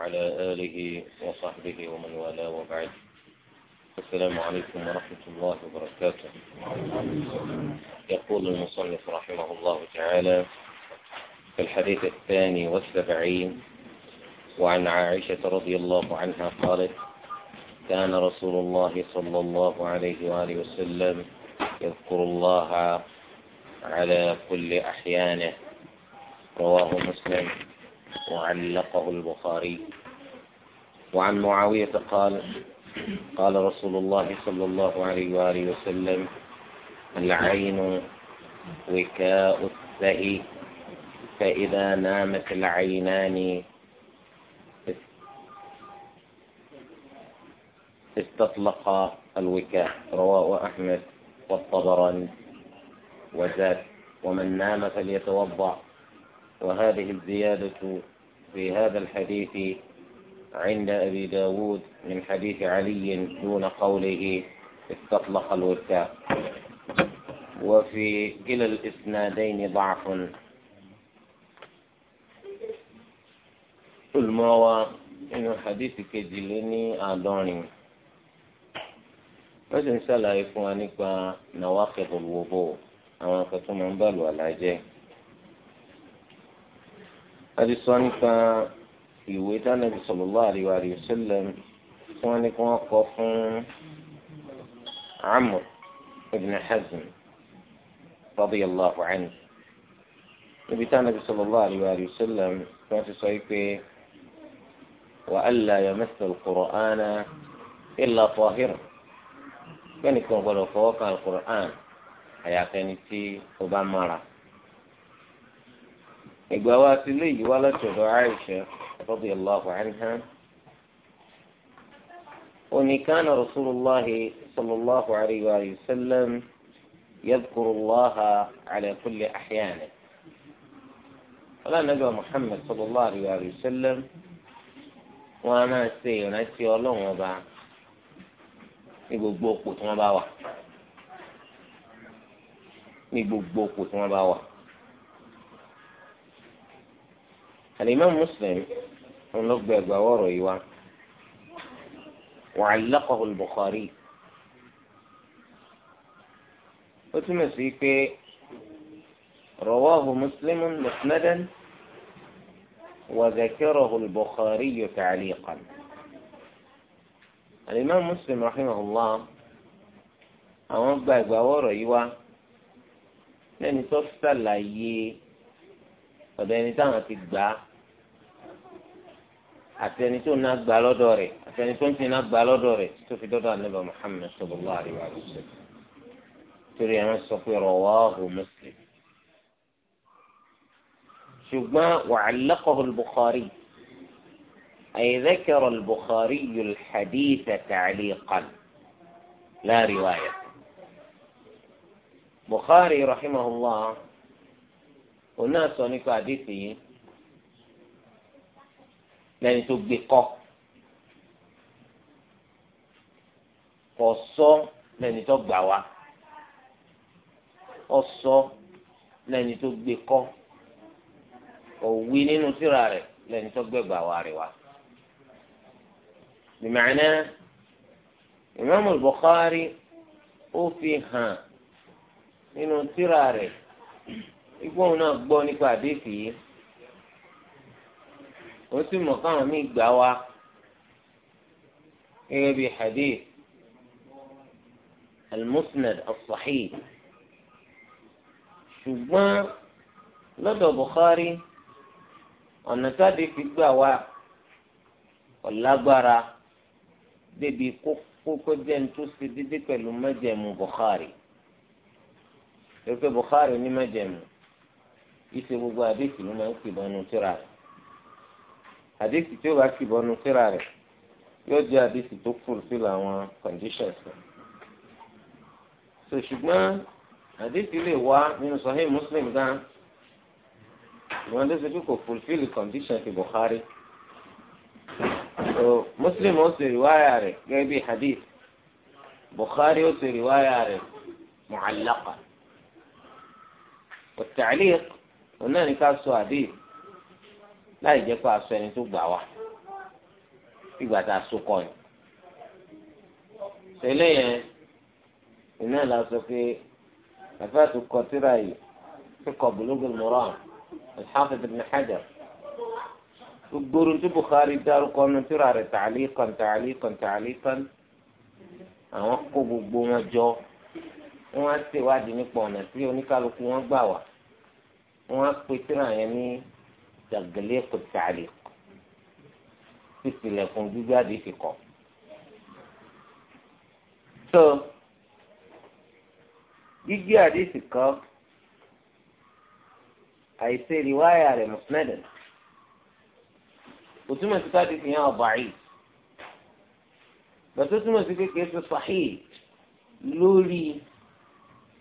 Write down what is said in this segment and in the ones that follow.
وعلى آله وصحبه ومن والاه وبعد السلام عليكم ورحمة الله وبركاته يقول المصنف رحمه الله تعالى في الحديث الثاني والسبعين وعن عائشة رضي الله عنها قالت كان رسول الله صلى الله عليه وآله وسلم يذكر الله على كل أحيانه رواه مسلم وعلقه البخاري وعن معاوية قال قال رسول الله صلى الله عليه وآله وسلم العين وكاء السهي فإذا نامت العينان استطلق الوكاء رواه أحمد والطبراني وزاد ومن نام فليتوضأ وهذه الزيادة في هذا الحديث عند أبي داود من حديث علي دون قوله استطلق الوكاء وفي كلا الإسنادين ضعف المروى إنه حديث كجليني أدوني وإن شاء الله نواقض الوضوء أما من أنبال ولا جيه هذه الصنفة في ويتا النبي صلى الله عليه وآله وسلم صنفة وقف عمر ابن حزم رضي الله عنه نبي تانا صلى الله عليه وآله وسلم كان في صيفه وألا يمس القرآن إلا طاهرا كان يكون قال القرآن حياتين في ربما مرة ìgbà wa ti lé yìí wá látọ̀dọ̀ Aisha radiyallahu anha òní kánà rasulullahi sallallahu alayhi wa sallam yadkurullaha ala kulli ahyani. ọlọ́run nàbí wa Muhammad sallallahu alayhi wa sallam wọn a máa ṣe ìrántí ọlọ́run ọba ní gbogbo òpó tí wọ́n bá wà ní gbogbo òpó tí wọ́n bá wà. الإمام مسلم ونقبع جواره إيوان وعلقه البخاري وتمسيك رواه مسلم مسندا وذكره البخاري تعليقا الإمام مسلم رحمه الله àwọn gba ìgbàwọ́ ọ̀rọ̀ yìí wá lẹ́ni tó ṣàlàyé àtẹni tó ná gbà lọ́dọ̀ rẹ̀ àtẹni tó ń ti ná gbà lọ́dọ̀ rẹ̀ tó fi dọ́dọ̀ anábà Muhammad sallallahu alaihi wa sallam torí àwọn sọ pé rawahu Muslim ṣùgbọ́n wa'allaqahu al-Bukhari ay dhakara al-Bukhari al-hadith ta'liqan la riwaya Bukhari rahimahullah òun náà sọ nípa àdìsí yìí. lẹ́ni tó gbé kọ́ kò sọ lẹ́ni tó gbà wá ó sọ lẹ́ni tó gbé kọ́ kò wí nínú síra rẹ̀ lẹ́ni tó gbẹ̀gbà wá rẹ̀ wá. bìmọ̀ọ́nà Imam al ó fi hàn nínú síra rẹ̀ igbóhùn náà gbọ́ nípa àdéhùn yìí òun sì mọ̀ káwọn míì gbà wá gẹ́gẹ́ bíi hadith al-musnad as-sahih ṣùgbọ́n lọ́dọ̀ Bukhari ọ̀nà táde fi gbà wá ọ̀lágbára débi kókó jẹ́ ní tó ṣe dédé pẹ̀lú mẹ́jẹ̀mú Bukhari pépé Bukhari ní mẹ́jẹ̀mú ìṣe gbogbo àdéhùn ló máa ń pè lọ́nu tíra rẹ̀ àdéhùn tí ó bá sì bọ́nu síra rẹ̀ yóò jẹ́ àdéhùn tó fulfill àwọn conditions rẹ̀. ṣùgbọ́n àdéhùn lè wá nínú Sahih Muslim gan ìwọ́n tó ṣe pé kò fulfill condition ti Bukhari. so Muslim ó ṣe ìwáyà rẹ̀ gẹ́gẹ́ bí hadith Bukhari ó ṣe ìwáyà rẹ̀ mu'allaqa. والتعليق قلنا لك سؤالين láì jẹ́ pé a sọ ẹni tó gbà wá ìgbà tá a so kọ́ ni. tẹ́lẹ̀ yẹn iná la sọ pé àfẹ́ tó kọ tíra yìí tó kọ Bulughul Maram al-Hafiz ibn Hajar gbogbo tí Bukhari dárúkọ nu tíra rẹ̀ ta'liqan ta'liqan ta'liqan àwọn kó gbogbo wọn jọ wọn á ṣèwádìí nípa ọ̀nà tí oníkálukú wọn gbà wá wọn pe tíra yẹn ní tàgẹ́lẹ́kù tààlẹ́ sísìlẹ̀kùn gbígbádìí fi kọ́. so gbígbé àdéhùn kan àìsè rìwáyà rẹ̀ mùsùlùmí kò túmọ̀ sí káàdì fi hàn ọ̀bà yìí bàtú túmọ̀ sí kékeré tó sàhí lórí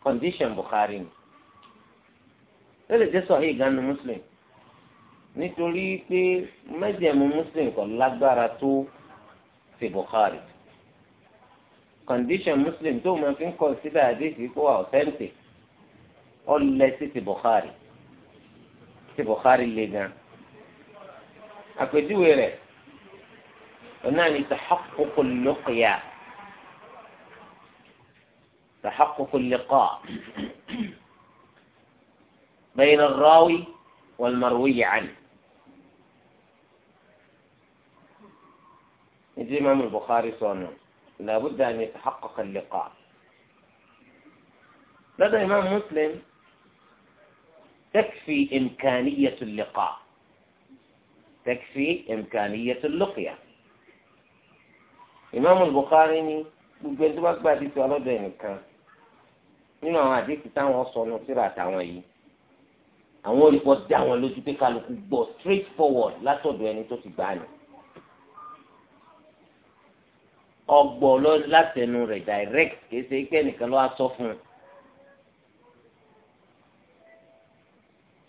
condition Bukhari ni ó lè jẹ́ sàhí ganu muslim nítorí pé mẹ́jẹ̀mú muslim kò lágbára tó ti bukhari condition muslim tó máa fi ń consider àdéhìí kó wà authentic ó lẹ sí ti bukhari ti bukhari le gan àpèjúwe rẹ̀ ọ̀nà ni tahaqququ al-luqya tahaqququ al-liqa bayna والمروي عنه الإمام البخاري صنع لابد أن يتحقق اللقاء لدى إمام مسلم تكفي إمكانية اللقاء تكفي إمكانية اللقية إمام البخاري gbogbo ẹni بعد bá gbàdí tó ọlọ́dọ̀ ẹnìkan nínú àwọn àdéhùn táwọn àwọn olùkọ́ dá àwọn lójú pé kálukú gbọ́ straight forward látọ̀dọ̀ ẹni tó ti gbà ní. ọgbọ́ lọ látẹnu rẹ̀ direct kìí ṣe pé ẹnìkan sọ fún un.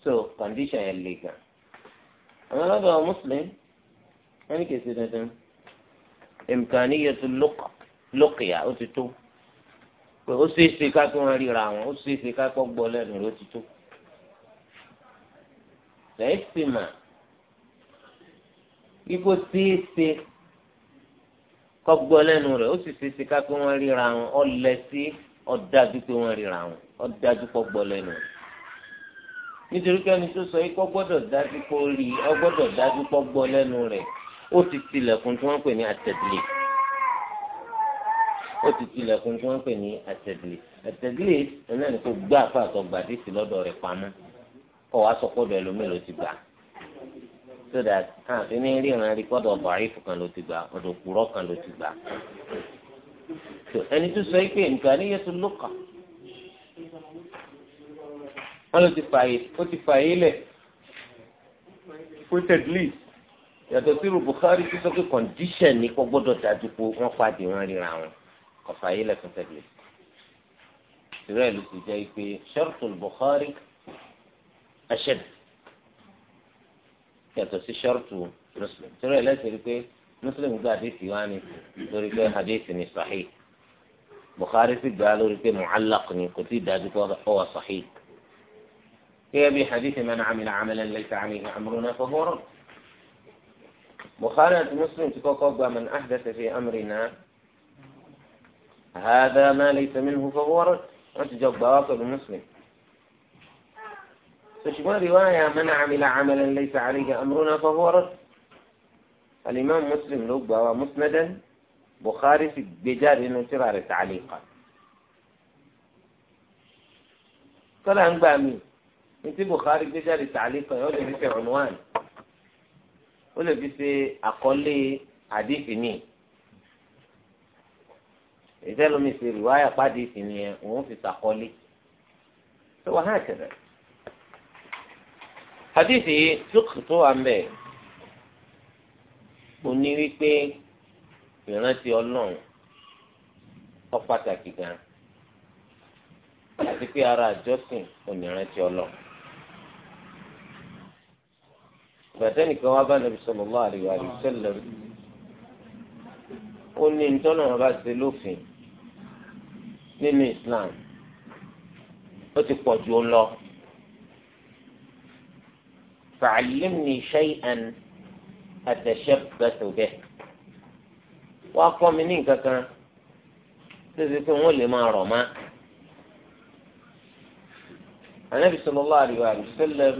so condition yẹn le gan. àwọn ọlọ́dọ̀ muslim wọ́n ní kìí ṣe dandan. imkaniyatul luqya ó ti tó. pé ó ṣeé ṣe ká tó wọn ríra wọn ó ṣeé ṣe ká kọ́ gbọ́ lẹ́nu ó ti tó lẹ́yìn sì mà kíkó ṣeéṣe kọ́gbọ́ lẹ́nu rẹ̀ ó sì ṣeéṣe ká pé wọ́n ríra wọn ọ̀lẹ́ sí ọ̀dájú pé wọ́n ríra wọn ọ̀dájú kọ́gbọ́ lẹ́nu rẹ̀ nítorí pé ẹni tó sọ yìí kọ́ gbọ́dọ̀ dájú kó rí i ọ gbọ́dọ̀ dájú kó gbọ́ lẹ́nu rẹ̀ ó ti tilẹ̀kùn tí wọ́n ń pè ní àtẹ̀dìlẹ̀ ó ti tilẹ̀kùn tí wọ́n ń pè ní àtẹ̀dìlẹ̀ àtẹ̀dìlẹ̀ ẹ̀ náà ni kò gbá àfa àtọ̀gbàdì sí lọ́dọ̀ rẹ̀ pamọ́ kọ́ wa sọ pé bẹ́ẹ̀ lómi ló ti gbà so that àfi ní ríran rí kọ́dọ̀ bàrífù kan ló ti gbà ọ̀dọ̀ kúrọ́ kan ló ti gbà ẹni tó sọ pé nǹkan ní yẹtù ló kàn wọ́n ló ti fààyè ó ti fààyè lẹ̀ printed list yàtọ̀ sí Bukhari tó sọ pé condition ni kó gbọ́dọ̀ dájú pé wọ́n pàdé wọn ríra wọn kò fààyè lẹ̀ printed list ìrẹ́ ti jẹ́ pé shartul Bukhari. أشد yàtọ̀ sí ṣọ́ọ̀tù mùsùlùmí torí ẹ̀ lẹ́sìn pé mùsùlùmí gba àdéhìí wá ní lórí pé àdéhìí ni sàhí bukhari sì gbà lórí pé mucallaq ni kò tí ì dájú pé ó wà sàhí. gẹ́gẹ́ bí àdéhìí man amila amalan laysa alayhi amruna fahuwa radd. bukhari àti mùsùlùmí ti kọ́kọ́ gba man ahdatha fi amrina hadha ma laysa minhu fahuwa radd wọ́n ti jọ gbà wá pẹ̀lú mùsùlùmí. فشبه رواية من عمل عملا ليس عليه أمرنا فهو رد الإمام مسلم لو ومسندا مسندا بخاري في بجار إنه سرار تعليقا طلع بقى مين أنت بخاري بجار تعليقا يقول لي في عنوان يقول لي في لي حديث مين إذا لم يصير رواية قد مين وهو في فهو هكذا hadithi fíkì tó wà mbẹ mo ní wípé ìrántí ọlọ́run ọ pàtàkì gan àti pé ara àjọsìn onírántí ọlọ́run gbàtẹ́ nìkan wá bá nàbì sallallahu alaihi wa sallam ó ní ntọ́nà wọn bá ṣe lófin nínú Islam ó ti pọ̀ ju ó lọ. فعلمني شيئا أتشبث به وأقوى مني كذا تزيكم لي ما رمى النبي صلى الله عليه وآله وسلم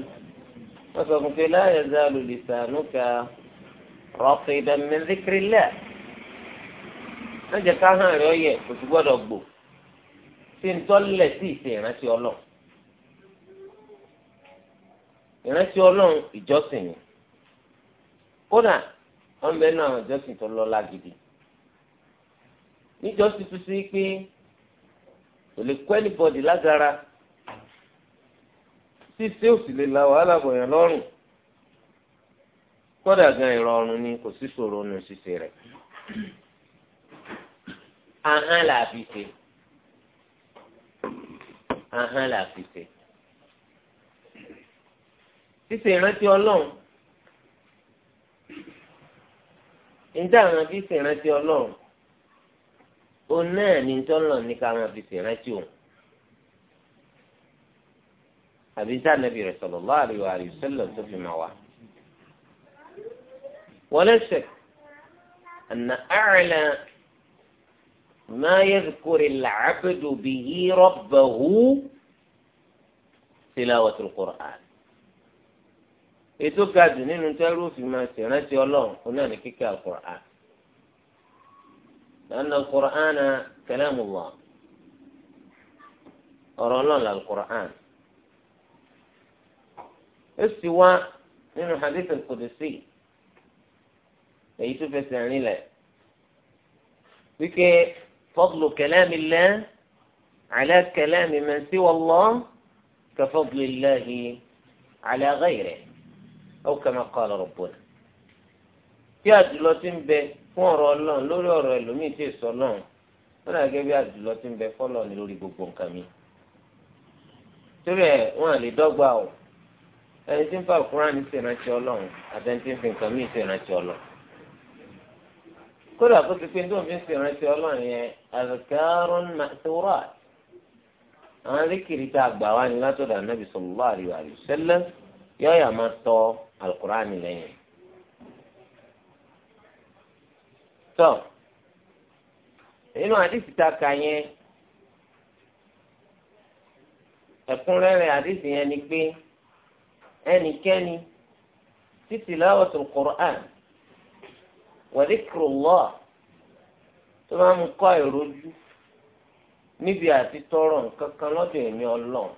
وسلم لا يزال لسانك رصيدا من ذكر الله أنت كاهان رؤية وتقول ربو سنتولى سيسي ماشي الله ìrántí ọlọ́run ìjọsìn ni kódà wọn bẹ náà àwọn ìjọsìn tó lọ́lá gidi níjọsìn tó sí pé kò lè kọ́ ẹnìbọ̀dì lágara ṣíṣe ò sì lè la wàhálà bọ̀yàn lọ́rùn kódà gan ìrọ̀rùn ni kò sí ṣòro nù ṣíṣe rẹ̀ ahán làá fi ṣe ahán làá fi ṣe. ṣíṣe ìrántí ọlọ́run níta àwọn fi ṣe ìrántí ọlọ́run ó náà ní tọ́lọ̀ ní ká máa fi ṣe ìrántí òun àbí sáà nàbì rẹ̀ sallallahu alaihi wa sallam tó fi máa wà. ولا شك أن أعلى ما يذكر العبد به ربه تلاوة القرآن ètò ga jù nínú tẹ́rù òfin máa ṣe rántí ọlọ́run òun náà ní kíkẹ́ àkùrán lánàá àkùrán kẹlẹ́mù wà ọ̀rọ̀ ọlọ́run làkùrán ó sì wá nínú hadith kùdùsí èyí tó fẹsẹ̀ rinlẹ̀ wíkẹ́ fọ́ọ̀lù kẹlẹ́mì lẹ́ على كلام من سوى الله كفضل alẹ́ على غيره أو كما قال ربنا في àdúlọ ti ń bẹ fún ọ̀rọ̀ Ọlọ́run lórí ọ̀rọ̀ ẹlòmíín tí èso Ọlọ́run ó dàgẹ bí àdúlọ ti ń bẹ fọ́lọ́run ní lórí gbogbo nǹkan mi torí ẹ wọn à lè dọ́gba o ẹni tí ń fa Kùránì ní ìṣèrántí Ọlọ́run àtẹni tí ń fi nǹkan mí ìṣèrántí Ọlọ́run kódà kó ti pé ndóun fi ń ṣèrántí Ọlọ́run yẹn àzùkárùn màtúrà àwọn alékiri tá a gbà wá ní látọ̀dọ̀ ànábì sallallahu alaihi wa sallam yọ̀ọ̀yà máa tọ́ alukur'ani lẹ́yìn. tó nínú àdìsí ta ka yẹn ẹ̀kúnrẹ́rẹ́ àdìsí yẹn ni pé ẹnikẹ́ni tí tilawatul Qur'an wa dhikrullah tó máa ń kọ́ ìrojú níbi àti tọrọ nǹkan kan lọ́dọ̀ èmi ọlọ́run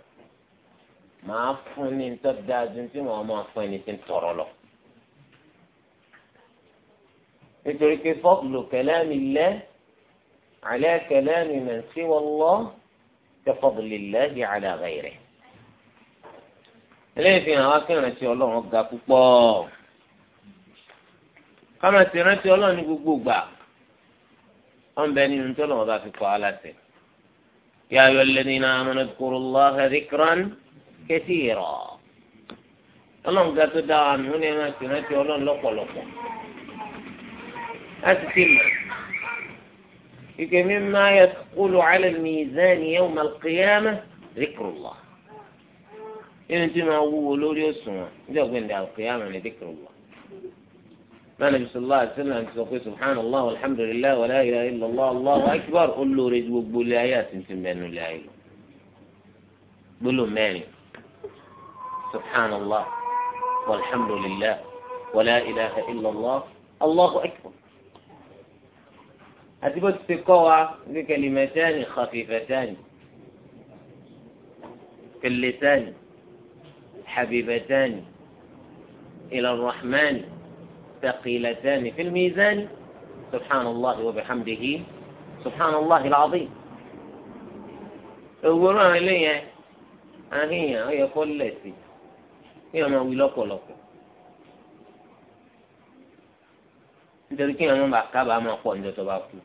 màá fún ní tó dáa ju tí màá máa fún ẹni tí ń tọrọ lọ. nítorí pé fọ́ọ̀lù kalami Allah ala kalami man siwa Allah ka fadlillahi ala ghayrih. eléyìí fi hàn wá kí ìrántí ọlọ́run ga púpọ̀ ká máa ti rántí ọlọ́run ní gbogbo gbà wọn bẹ nínú tó lọ́wọ́ bá fi kọ́ á láti. ya ayyuhal ladhina amanu dhkuru kẹsíìrọ̀ ọlọ́run ga tó dá wa ó ẹran tì rántí ọlọ́run lọ́pọ̀lọpọ̀ láti ti mọ̀ ike mi mímá yẹ kúlù alẹ́ mìíràn yẹn wọ́n kéèyàn zikrullah inú tí máa wúwo lórí òṣùwọ̀n ní ọ̀gbìn dà kéèyàn ní zikrullah mẹ́rin bisalòlá àti sẹ́lẹ̀ àti sọ pé subhanallah alhamdulilayi wa wàlá wa illallah wa akbar olóore gbogbo ilé ayé àti ntìmẹ́nu ilé ayé lọ gbólóhùn mẹ́rin. سبحان الله والحمد لله ولا إله إلا الله الله أكبر هتبقى تستقوى بكلمتان خفيفتان في اللسان حبيبتان إلى الرحمن ثقيلتان في الميزان سبحان الله وبحمده سبحان الله العظيم القرآن ليه أهي هي كل شيء kí ọmọ wí lọ́pọ̀lọpọ̀ nítorí kí ọmọ kábàámọ̀ pọ̀ níjọ́ tó bá kú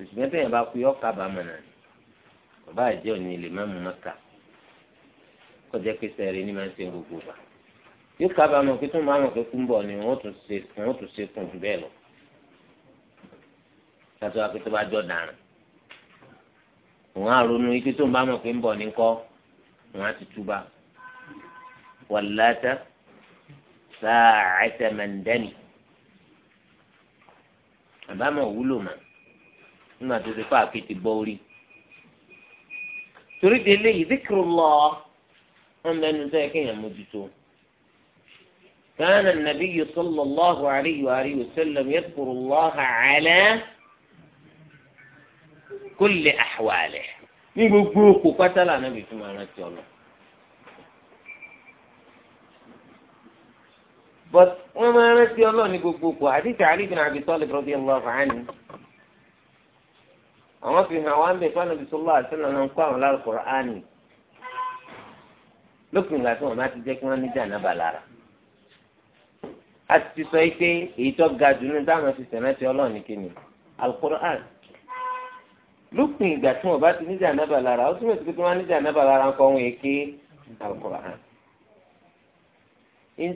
òṣìṣẹ́ tẹ̀yìn bá kú yọ kábàámọ̀ náà bàbá àjẹ́ òní lè má mú mọ́ta kọjá pé sẹ́ẹ̀rì ní máa ń ṣe gbogbo wa yóò kábàámọ̀ pé tó máa mọ̀ pé kú ń bọ̀ ni wọ́n tún ṣe wọ́n tún ṣe kùn jù bẹ́ẹ̀ lọ kátó wa pé tó bá jọ dàrán òun á ronú ike tó ń bá mọ̀ pé ń bọ̀ ní kọ́. wọn ti túbà wàláta mandani àbá ma wúlò mà nígbà tó ti fà kí ti bọ́ orí torí de lé ìdíkìrò lọ wọn lẹnu tó yẹ kéèyàn mójútó كان النبي صلى الله عليه وآله وسلم يذكر الله على كل أحواله ní gbogbo òkú pátá lànà bí fún ara ti ọlọ. but wọ́n máa rántí ọlọ́ọ̀ ní gbogbo òkú àdìsí àríbìnrin àbí tọ́lẹ̀ bọ́dí ẹ̀ lọ́wọ́ fàánì. àwọn fi hàn wá ń bẹ̀ fún ànábì sọ́lá àti ọ̀nà ń kọ́ àwọn lálùkọ̀rọ̀ áàní. lópin ìgbà tí wọ́n bá ti jẹ́ kí wọ́n ní jàǹdàbà lára. a ti sọ pé èyí tó ga jù nínú táwọn fi sẹ̀rántí ọlọ́ọ̀ ní kíni alukọ̀rọ̀ áàní. lópin ìgbà tí wọn bá ti níjà nábà lára ó túmọ̀ sí pé tí wọ́n á níjà nábà lára ń èké alukur'an.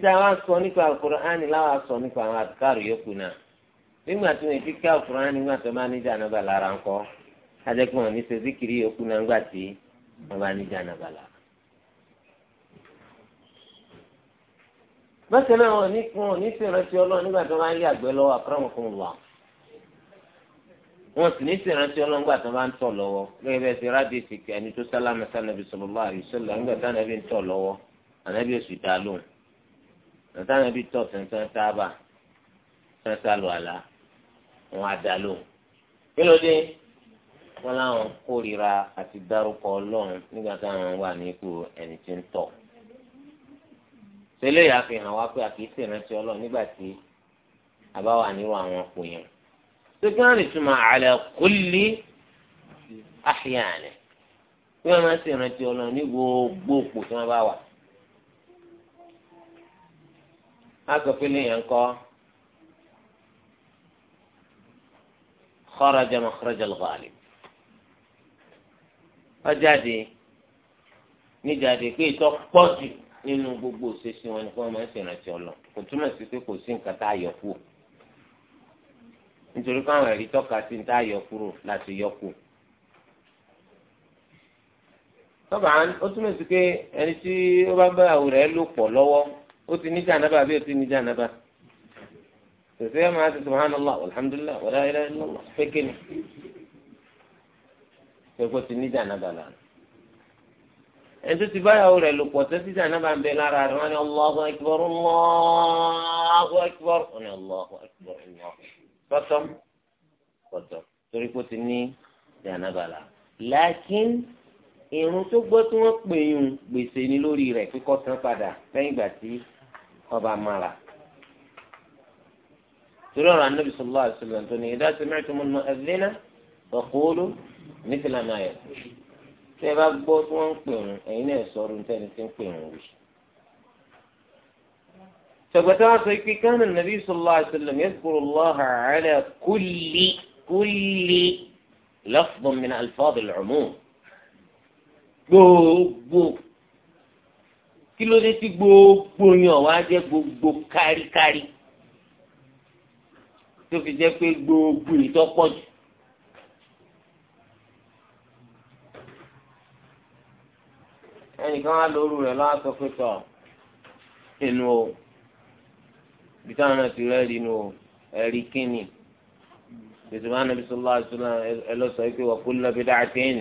wa sọ nípa alukur'an láwa sọ nípa àwọn àtikárò yòókù náà nígbà tí wọn ti ká alukur'an nígbà tí wọn bá níjà nábà lára ní zikiri yòókù náà nígbà tí wọn bá níjà nábà lára. bákan náà wọn ní fún ní wọn sì ní sèrántí ọlọ́ngbà tó bá ń tọ̀ lọ́wọ́ lórí bẹ́ẹ̀ ti rádìsì ẹni tó sálámà sànàbì sallallahu alaihi wasallam ńgbà sànàbì ń tọ̀ lọ́wọ́ ànàbì oṣù dá lóhùn sànàbì tọ̀ sẹ́ńsán tábà sẹ́ńsán lọ àlá wọn á dá lóhùn. kí ló dé wọn láwọn kórìíra àti dárúkọ ọlọ́run nígbà táwọn wà ní ipò ẹni tí ń tọ̀. sẹ́lẹ̀ yà fi hàn wá pé àkíyèsí ìrántí ọlọ́run nígbà tí àbáwá níwọ̀ àwọn ọkùnrin sẹ́kẹ́rì túmọ̀ àlẹ́ kólé àhíyànẹ́ bí wọ́n máa ń ṣèrántí ọlọ́run ní gbogbo òpó tí wọ́n bá wà. a sọ pé lèèyàn ń kọ́ kharaja makhraja al-ghalib ó jáde níjáde pé ìtọ́ pọ̀ jù nínú gbogbo òṣèṣin wọn ni wọ́n máa ń ṣèrántí ọlọ́run kò túmọ̀ sí pé kò sí nǹkan tá a yọ kúrò nítorí pé àwọn ẹ̀rí tọ́ka sí ń tá yọ kúrò láti yọ kù. tọ́ba ó túmọ̀ sí pé ẹni tí ó bá bá àwòrán ẹ̀ lò pọ̀ lọ́wọ́ ó ti ní jàǹdàbà àbí ó ti ní jàǹdàbà tẹsẹ máa ti subhanallah alhamdulilah wàlá ilẹ ilọlọ pékè ni pẹpẹ ti níjà náà bàlá ẹni tó ti báyàwó rẹ̀ lò pọ̀ tẹ́tí jà náà bá ń bẹ lára rẹ̀ wọ́n ní allahu akbar allahu akbar wọ́n ní allahu akbar allahu akbar bọ́tọ́m bọ́tọ́m torí pé ti ní jàǹdàbàlà làákín irun tó gbọ́ tí wọ́n pè yùn gbèsè ni lórí rẹ̀ kíkọ́ tán padà lẹ́yìn ìgbà tí ọba mara torí ọ̀rọ̀ anábì sallallahu alaihi wasallam tó ní idha sami'tumul mu'adhdhina faqulu mithla ma yaqulu tẹ́ ẹ bá gbọ́ tí wọ́n ń pè yùn ẹ̀yin náà sọ ọdún tẹ́ni tí ń pè yùn فبتعرف كيف كان النبي صلى الله عليه وسلم يذكر الله على كل كل لفظ من ألفاظ العموم بو كيلو دي بو بو ني او بو بو كاري كاري تو في بو بو ني يعني بوج اني كان لورو لا تو فيتو انو bí táwọn náà ti rẹ́ẹ̀rí nu ẹ̀rí kínní bẹ̀sùmá nàbí sọlá àṣùlá ẹ lọ sọ pé wàkú nàbí dàtín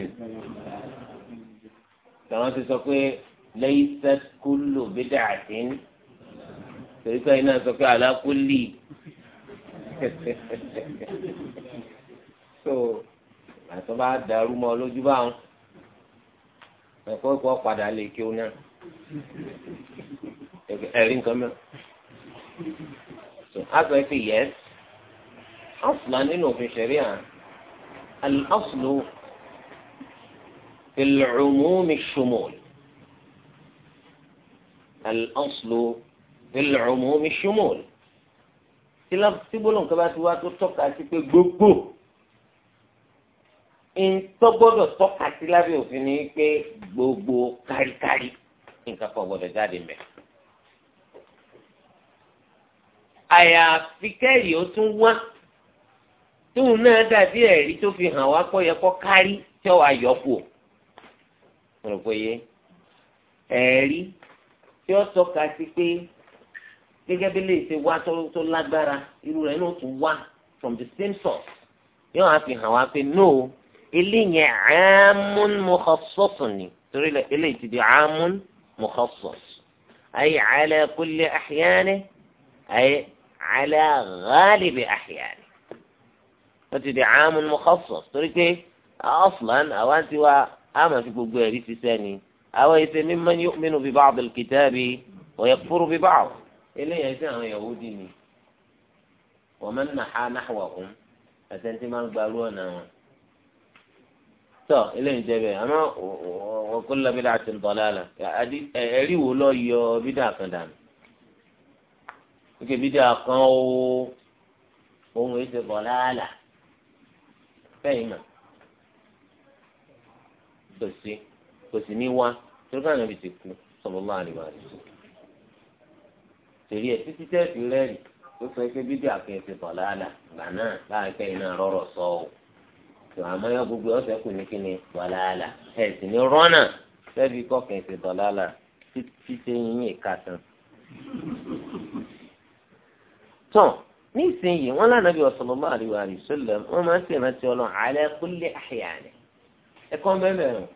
làwọn ti sọ pé laysat kullu bid'atin torí pé iná sọ pé ala so àtọ́ bá dàrú mọ́ lójú báwọn ẹ̀kọ́ ìkọ́ padà lè kí o náà ẹ̀rí nǹkan mẹ́rin so a sọ pé yẹs asùlá nínú òfin ṣẹ̀ríà al-aslu fil-umumi shumul al-aslu fil-umumi shumul tí gbólóhùn kan bá ti wá tó tọ́ka sí pé gbogbo ntọ́ gbọ́dọ̀ tọ́ka sí lábẹ́ òfin ni pé gbogbo káríkárí nǹkan kan gbọ́dọ̀ jáde mẹ́rin. àyàfi kẹ́rì ó tún wá tóun náà dàbí ẹ̀rí tó fi hàn wá pọ̀ yẹ kọ́ kárí tí wàá yọ kù ó rò pé yé ẹ̀rí tí ó tọ́ka sí pé gẹ́gẹ́ bí lè ṣe wá tó lágbára irú rẹ̀ náà tún wá from the same source yóò wá fi hàn wá pé no eléyìí àmún mọ̀kọ́sọ́sùn ni torí eléyìí ti di àmún mọ̀kọ́sọ́sùn ayé ala kulli ahyani ayé ala ghalibi ahyani wọ́n ti di àmú mọ́kọ́sọ̀ torí pé ọ̀fman àwa ti wá àmà fi gbogbo ẹ̀rí ṣiṣẹ́ ni àwa ìṣe mimman yu'minu bi ba'd al-kitabi wa yakfuru bi ba'd eléyàá ṣe àwọn Yahudi ni wa man naha nahwahum àtẹ̀ntì máa ń gbarú wọn. tọ́ eléyìí jẹ́ bẹ́ẹ̀ àmọ́ wa kullu bid'atin dalalah ẹ̀rí wo lọ yọ bídà kan dànù wíkẹ́ bídíà kan o òun èsè bọ̀ láàlà fẹ́yìn mọ̀ kò sí kò sí ní wá torí káwọn ẹbí ti kú sallallahu alaihi wasallam torí ẹ títí tẹ́ẹ̀tì rẹ́ẹ̀rì ó sọ pé bídíà kan èsè bọ̀ láàlà gbà náà láàrin fẹ́yìn náà rọ̀rọ̀ sọ o tó àmọ́ yọ gbogbo ọ̀sẹ̀ kù ní kíni bọ̀ láàlà ẹ̀ sì ní rọ́nà fẹ́ẹ́ fi kọ́kẹ́ èsè bọ̀ láàlà títí tán ní ìsinyìí wọn lànà bí sallallahu alaihi wa sallam wọn máa ń sì rántí Ọlọ́run ala kulli ahyani ẹ̀kọ́ bẹ́ẹ̀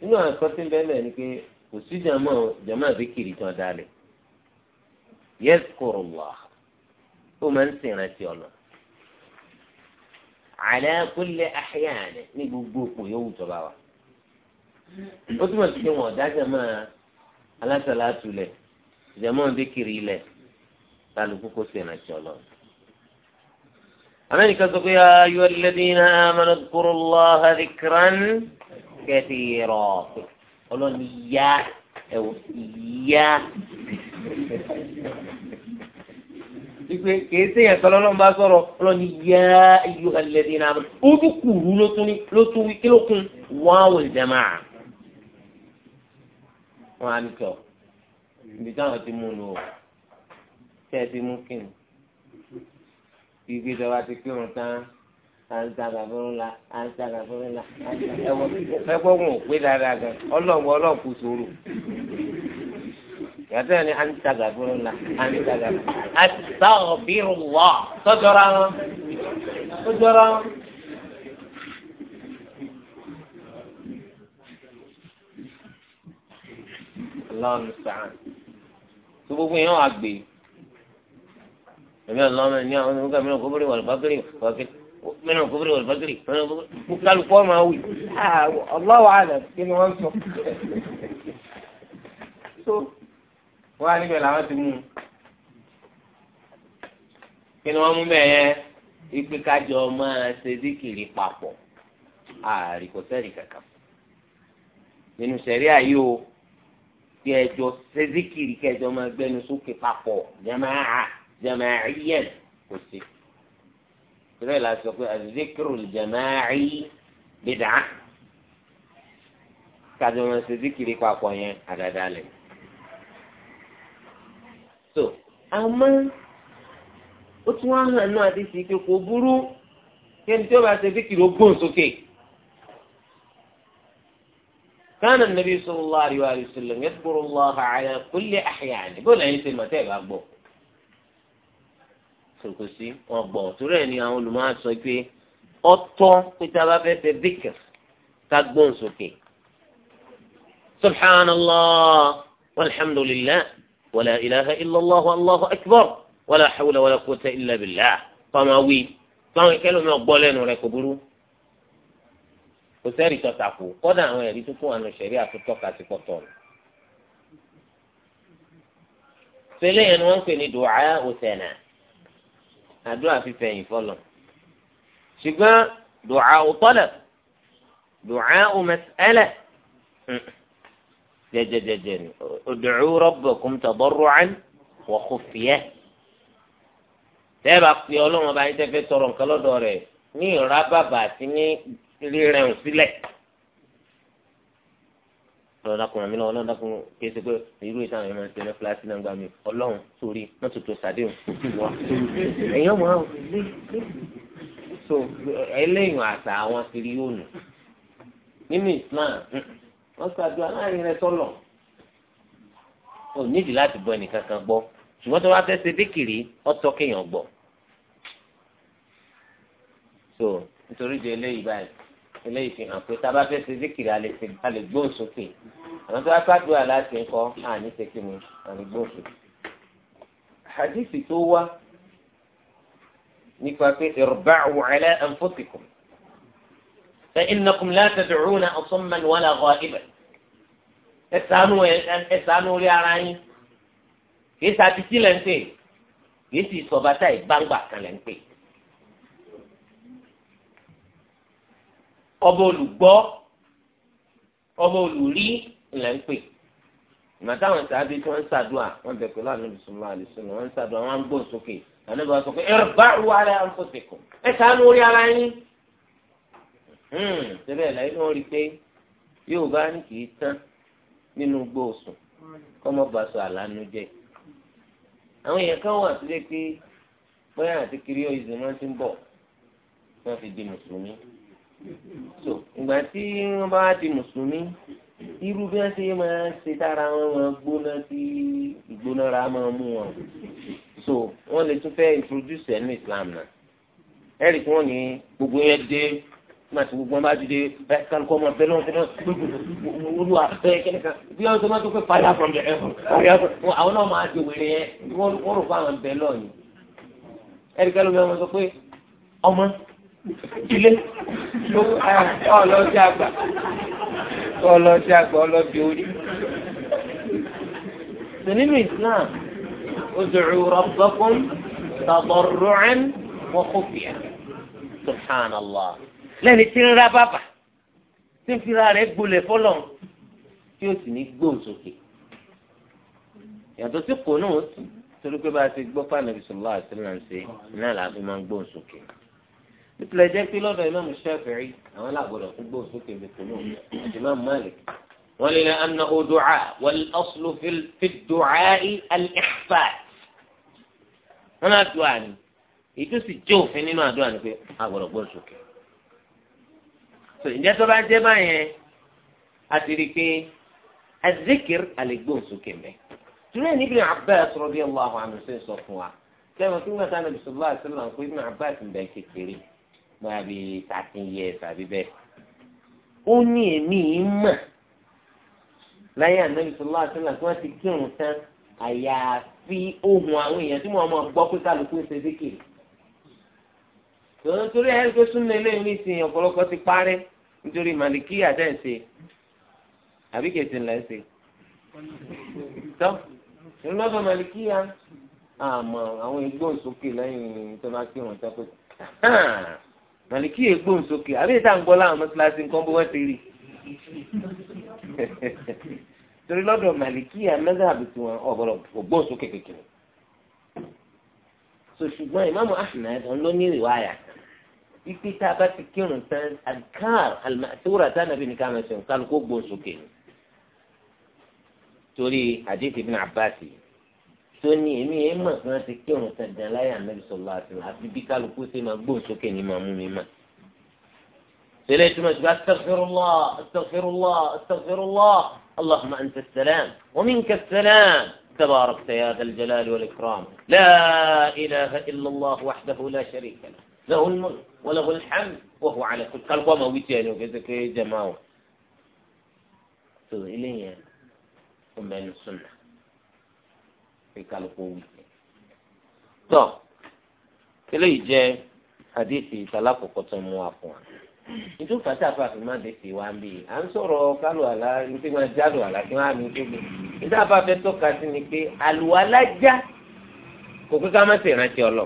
nínú àwọn ẹ̀kọ́ tí ń bẹ́ẹ̀ ni pé kò sí jama jama bíkìrì tán dalẹ̀ yadhkurullah ó máa ń sì rántí Ọlọ́run ala kulli ahyani ní gbogbo òpò yóò wùtọ́ bá wa ó túmọ̀ sí pé wọn ọ̀dá jama alásàlátù lẹ̀ jama bíkìrì kálukú kó sì rìn jọ lọ. amẹ́ríkà sọ pé ayọ́ alladhina amanu dhkurullaha dhikran kathira ọlọ́ni yá ẹ̀wọ̀ yá. Ìgbé kìí sí ẹ̀sọ́ lọ́lọ́run bá sọ̀rọ̀ ọlọ́ni yá ayọ́ alladhina amanu. ó dúkùrú ló tún wí kí ló kún wáwùl jamaa wọn á ní tọ ibi táwọn ti mú un lò tẹ́ ẹ ti mú kí ni gbígbé ìjọba ti kírun tán à ń ta gàfúrú ńlá à ń ta gàfúrú ńlá ẹwọ ẹgbẹ́ wọn ò pé dáadáa gan ọlọ́wọ́ ọlọ́ọ̀kú sòrò yàtọ̀ ni à ń ta gàfúrú ńlá à ń ta gàfúrú astaghfirullah tọ́jọ́ra wọn tọ́jọ́ra wọn. lọ́nù sàn. tó gbogbo yẹn wà gbé ẹ̀mí ọlọ́mọ ní àwọn onímọ̀ mìíràn kóbìrì wà lùbákìrì wàkìrì mìíràn kóbìrì wà lùbákìrì mìíràn kóbìrì kálukọ́ máa wù. ọlọ́wọ́ àlẹ́ kí ni wọ́n sọ. wọ́n á níbẹ̀ làwọn ti mú un. kí ni wọ́n mú bẹ́ẹ̀ yẹn ipe kájọ máa ṣe díkìrì papọ̀ àríkọ̀sẹ́rì kankan. nínú sẹ̀rí àyè o kí ẹjọ́ ṣe díkìrì kẹjọ máa gbẹnu sókè papọ̀ yẹn máa hà. جماعيا كذلك الذكر الجماعي بدعة كذا ما سذكر قاقوايا على ذلك so أما أتوانا أنو أدي سيكي قبرو كنتو با سذكر قبون سوكي كان النبي صلى الله عليه وسلم يذكر الله على كل أحيان قول أنت المتابع قبو sòkò sí wọn gbọ́ torí ẹ̀ ni àwọn olùmọ̀ sọ pé ọtọ́ pété a bá fẹ́ fẹ́ bíkìr ká gbóhùn sókè subhanallah walhamdulillah wàlá ilaha illallah allahu akbar wàlá hawla wàlá quwwata illa billah fama wí fáwọn ìkẹlẹ mi ọgbọ lẹ́nu rẹ̀ kò burú kò sẹ́rì tọ́ta kù kọ́dà àwọn ẹ̀rí tuntun àna ṣẹ̀rí àtúntọ́ka sí pọ̀tọ́ rẹ̀. sẹ́lẹ̀ yẹn ni wọ́n ń pè ní dùwà òsèlè àdúrà fífẹ̀yìn fọlọ̀ ṣùgbọ́n dùcà òtọ́lẹ̀ dùcà òmẹsẹ̀lẹ̀ jẹjẹjẹjẹ ni ud'u rabbakum tadarru'an wa khufyah tẹ́ẹ̀bà pé ọlọ́run ọba yín tẹ́fẹ́ tọrọ nǹkan lọ́dọ̀ rẹ̀ ní ìrábàbà àti ní rírẹ̀ òsílẹ̀ lọ́wọ́ dákùnrin mi lọ́wọ́ lọ́wọ́ dákùnrin kí ẹsẹ̀ pé irú ìta àwọn ẹ̀rọ ìṣẹ̀lẹ̀ fúláṣí náà gbà mí ọlọ́run sórí wọ́n ti tó sàdéhùn wá ẹ̀yìn ọmọ àwọn so ẹlẹ́yìn àṣà àwọn kiri yóò nù nínú Islam wọ́n ṣàdúrà láàrin rẹ sọ́lọ̀ ò nídìí láti gbọ́ ẹnì kankan gbọ́ ṣùgbọ́n tó bá fẹ́ ṣe dékìrì ọ̀tọ́ kéèyàn gbọ́ so nítorí di eléyìí báyìí eléyìí fi hàn pé tá a bá fẹ́ ṣe zikiri a lè ṣe a lè gbóhùn sókè àwọn tó bá fàdúrà láti ń kọ́ àní ṣe kí ni a lè gbóhùn sókè. hadisi tó wá nípa pé irba'u ala anfusikum fa innakum la tad'una asamman wala gha'iban ẹ̀sánú ẹ̀sánú orí ara yín kì í lẹ́ńpẹ́ kì sì sọ bàtà kan lẹ́ńpẹ́. ọba olùgbọ́ ọba olùrí ńlẹ̀ ń pè ìgbà táwọn sábẹ́ tí wọ́n ń ṣàdúrà wọ́n bẹ̀ pẹ̀lú ànábì sùnmọ́ àlùsùn wọ́n ń ṣàdúrà wọ́n ń gbọ́n sókè ànábì wọn sọ pé ẹ̀rọ bá ru ara ẹ̀ ń fòsè kù ẹ̀ sànú orí ara yín. síbẹ̀ láyé náà rí i pé yóò bá ní kì í tán nínú gbóòsùn kọ́mọ bá sọ àlánú jẹ. àwọn èèyàn kan wà sílé pé bóyá àti kiri ìzìn wọn ti ń bọ̀ wọ́n fi di mùsùlùmí so ìgbà tí wọ́n bá di mùsùlùmí irú bí wọ́n ṣe máa ṣe tára wọn máa gbóná sí ìgbónára máa mú wọn so wọ́n lè tún fẹ́ introduce ẹ̀ Islam náà ẹ̀rì tí wọ́n ní gbogbo yẹn dé nígbà tí gbogbo wọn bá dìde ẹ kálukọ ọmọ bẹ́ẹ̀ lọ́wọ́ tẹ́lẹ̀ gbogbo olúwa bẹ́ẹ̀ kẹ́lẹ́ bí wọ́n tó máa tó pé fire from the heaven fire from àwọn náà máa di wèrè yẹn wọ́n rò fún àwọn bẹ́ẹ̀ lọ́ọ̀ ni ẹ̀rì kálukọ ọmọ sọ pé ọmọ ilé ọlọ́sí àgbà ọlọ́sí àgbà ọlọ́bí orí. nínú Islam ud'u rabbakum tadarru'an wa khufyan subhanallah lẹ́ni tí ń ra bàbà tí ń fira rẹ̀ gbolẹ̀ fọlọ́ tí ó sì ní gbóhùn sókè yàtọ̀ sí kò náà torí pé bá a ti gbọ́ fún Ànábì sallallahu alaihi wasallam náà làá máa ń gbóhùn nítorí jẹ́ pé lọ́dọ̀ imáàmù Ṣáfi'í àwọn aláàbọ̀dọ̀ tó gbóhùn sókè mẹ́tòló àti imáàmù Malik wọ́n lè ní anna du'a wal aslu fi du'a al-ikhfat wọ́n náà dùn àní èyí tó sì jẹ́ òfin nínú àdúrà ni pé àgbọ̀dọ̀ gbóhùn sókè. ǹjẹ́ tó bá jẹ́ báyẹn a ti rí i pé azikir alẹ́ gbóhùn sókè mẹ́. tùrẹ́ níbi Abbas radiyallahu anhu sọ fún wa sẹ́wọ̀n bóyá bíi thirteen years àbí bẹ́ẹ̀. ó ní èmi yìí mọ̀ láyé ànábì sọlá àtúnlá tí wọ́n ti kírun tán àyàfi ohun àwọn èèyàn tí wọ́n máa gbọ́ pé kálukú ṣe dékèrè. tòun torí ẹni tó súnmọ́ ilé mi sí ọ̀pọ̀lọpọ̀ ti parẹ́ nítorí màlìkí àtẹ̀sẹ̀ àbí kèsì ńlá ẹ̀sẹ̀. tọ́ ìrúlọ́dọ̀ màlìkí ya àmọ́ àwọn ẹgbẹ́ òsókè lẹ́yìn tó bá kírun tán pé màlì kí èé gbóhùn sókè àbí ìta ń gbọ́ láwọn mọ́sálásí nǹkan bó wọ́n ti rí torí lọ́dọ̀ màlì kí amẹ́gà àbùtù wọn ọ̀bọ̀lọ̀ ògbóhùn sókè kékeré so ṣùgbọ́n ìmáàmù Ahmed ló ní ìwáyà ipe tá a bá ti kírun tán adkar almasura tá a nàbí ní káwọn ẹsẹ̀ kálukó gbóhùn sókè torí hadith ibn Abbas yìí. tó ní èmi yẹn mọ̀ kí wọ́n ti kí òun tẹ̀ dán láyé ànábì lọ́wọ́ àti wọn àti bí kálukú ṣe máa gbóhùn sókè ní máa mú mi mọ̀. sẹ́lẹ̀ túmọ̀ sí astaghfirullah astaghfirullah astaghfirullah allahumma anta as-salam wa minka as-salam تباركت يا ذا الجلال والإكرام لا إله إلا الله وحده لا شريك له له الملك وله الحمد وهو على كل قلب وما ويتيان وكذا كي جماعة تو إليه ومن السنة pé kálukú wù sí. tọ eléyìí jẹ àdéhìí ìtàlákòókò tó mú wa fún wa nítorí pàtàkì àfààfin má dé sí wa ń bí à ń sọ̀rọ̀ kálù àlá nítorí wọn já lù àlá kí wọn á mi gbégbé nítorí àfààfin tọ́ka sí ni pé àlùwàlá já kò pé ká má sì rántí ọlọ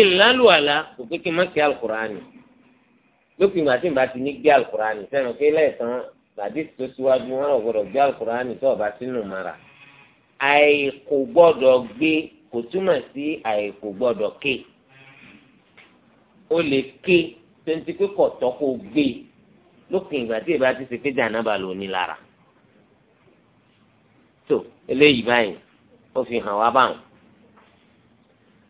ìlàlùwàlá kò pé kí n má sí àlùkùránì lópin ìgbà tí n bá ti ní gbé àlùkùránì sẹ́nu pé lẹ́ẹ̀kan bàdí tó síwájú wọn ò gbọdọ̀ gbé àlùkùránì tó ọba sínú mara àìkò gbọ́dọ̀ gbé kò túmọ̀ sí àìkò gbọ́dọ̀ ké o lè ké tẹ̀ntì pé kọ̀tọ́ kò gbé lókè ìgbà tí ìbá ti ṣe pé jàǹdàbà ló ní lára tó eléyìí báyìí ó fi hàn wá báwọn.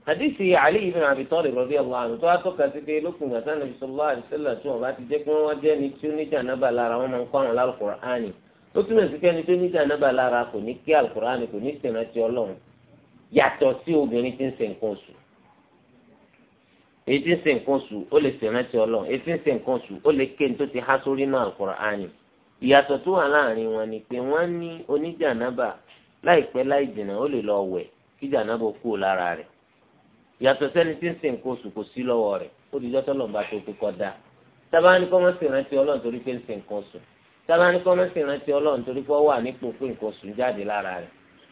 hadisi ali ibn abi talib radiyallahu anhu tó wá tọ́ka sí pé lókùn ìgbà tí anabi sallallahu alaihi wasallam tí wọ́n bá ti jẹ́ pé wọ́n jẹ́ ni tí ó ní jàǹdàbà lára wọ́n máa ń kọ́ àwọn lálùkùránì ó túmọ̀ sí kẹ́ni tó ní jàǹdàbà lára kò ní kí alukur'an kò ní ṣèrántí ọlọ́run yàtọ̀ sí obìnrin tí ń ṣe nǹkan oṣù èyí tí ń ṣe nǹkan oṣù ó lè ọlọ́run èyí ń nǹkan oṣù ó lè ké ní tó ti há sórí náà alukur'an ìyàtọ̀ tó wà láàrin wọn ni pé wọ́n ní oníjàǹdàbà láìpẹ́ láì jìnnà ó lè lọ wẹ̀ kí jàǹdàbà kú lára rẹ̀ yàtọ̀ sẹ́ni tí ń ṣe nǹkan oṣù kò sí lọ́wọ́ rẹ̀ ó di jọ́tọ̀ lọ́nba sábà ní kọ́mọ́ sì rántí ọlọ́run torí pé ó wà nípò pé nǹkan sùn jáde lára rẹ̀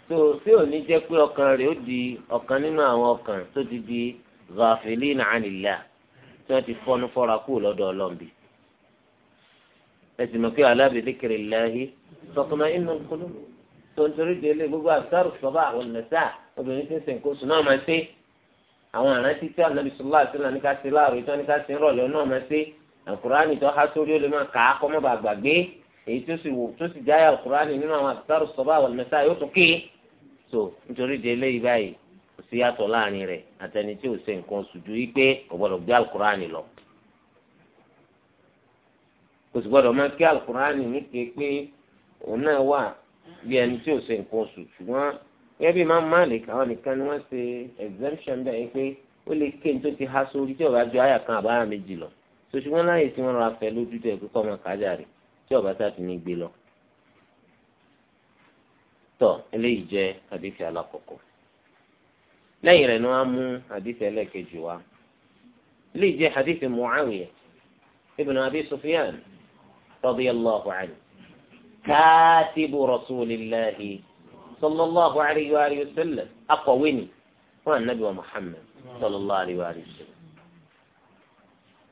tó tí ò ní jẹ́ pé ọkàn rẹ̀ ó di ọ̀kan nínú àwọn ọkàn tó ti di ghafilin anillah tí wọ́n ti fọ́nú fọ́ra kú lọ́dọ̀ ọlọ́run bí. ẹ̀sìn mọ̀ pé ala bi dhikrillahi tatma'innul qulub tó ń torí délé gbogbo àbúrò sọ́bà àwọn mẹ́sà obìnrin tí ń sìn kó sùn náà máa ṣe àwọn àrántí tí ànábì sọlá àtìlá ní èyí tó sì wò tó sì jáyà alukurani nínú àwọn àtàrò sọba wal mẹsà yóò tún ké so nítorí de eléyìí báyìí kò sí yàtọ̀ láàrin rẹ̀ àtẹni tí ò ṣe nǹkan oṣù ju wípé kò gbọdọ̀ gbé alukurani lọ kò sì gbọdọ̀ máa ké alukurani ní kéèpé òun náà wà bí ẹni tí ò ṣe nǹkan oṣù ṣùgbọ́n gẹ́gẹ́ bí máa Malik àwọn nìkan ni wọ́n ṣe exemption bẹ́ẹ̀ pé ó lè ké ní tó ti há sórí tí ò ju àyà kan àbáyà méjì lọ so ṣùgbọ́n láyè tí wọ́n rọra fẹ́ lójú tẹ̀ kó ọmọ kájà rẹ̀ tí ọba sáà ti ní gbé lọ tọ eléyìí jẹ àdìsí alákọ̀ọ́kọ́ lẹ́yìn rẹ̀ ni wọ́n á mú àdìsí ẹlẹ́ẹ̀kejì wá eléyìí jẹ àdìsí Muawiya ibn Abi Sufyan radiyallahu anhu katibu rasulillahi sallallahu alayhi wa alihi wa sallam akọ̀wé ni fún anabi wa sallallahu alayhi wa alihi wa sallam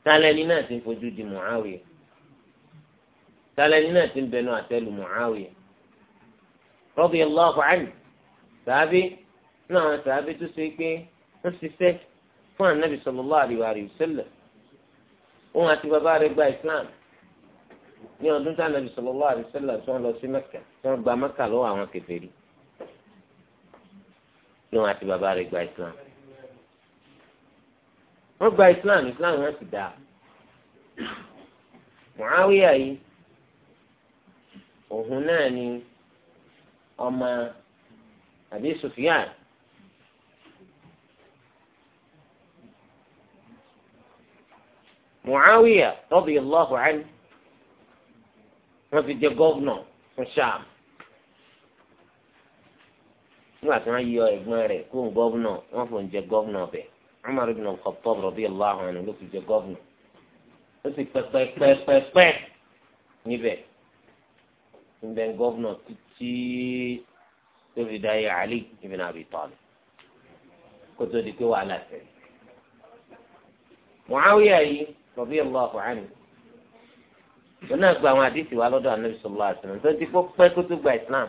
tálẹ́ni náà ti fojú di Muawiya. سالني ناس بنو أتلو معاوية رضي الله عنه سابي نا سابي تسيكي نفسي سيك فان النبي صلى الله عليه وآله وسلم وما تبى بارك بإسلام يوم دنت النبي صلى الله عليه وسلم سوى لو في مكة سوى بمكة لو عمك كفيري يوم تبى بارك بإسلام رب إسلام إسلام ما تدا معاوية إيه òhun náà ni ọmọ àbí Sufyan Muawiya radiyallahu anhu wọ́n fi jẹ gọ́vnọ̀ fún sam nígbà tí wọ́n yí ọ ẹ̀gbọ́n rẹ̀ kó ń gọ́vnọ̀ wọ́n fò ń jẹ gọ́vnọ̀ bẹ̀ Umar ibn al-Khattab radiyallahu anhu ló fi jẹ gọ́vnọ̀ ó sì pẹ́pẹ́pẹ́pẹ́ níbẹ̀. ń bẹ gọ́vnọ̀ títí tó fi dá yé Ali ibn Abi Talib kó tó di pé wàhálà tẹ̀lé. Muawiya yìí radiyallahu anhu òun náà gba àwọn àdìsí wa lọ́dọ̀ Ànábì sallallahu alaihi wasallam tó ti kó pẹ́ kó tó gba Islam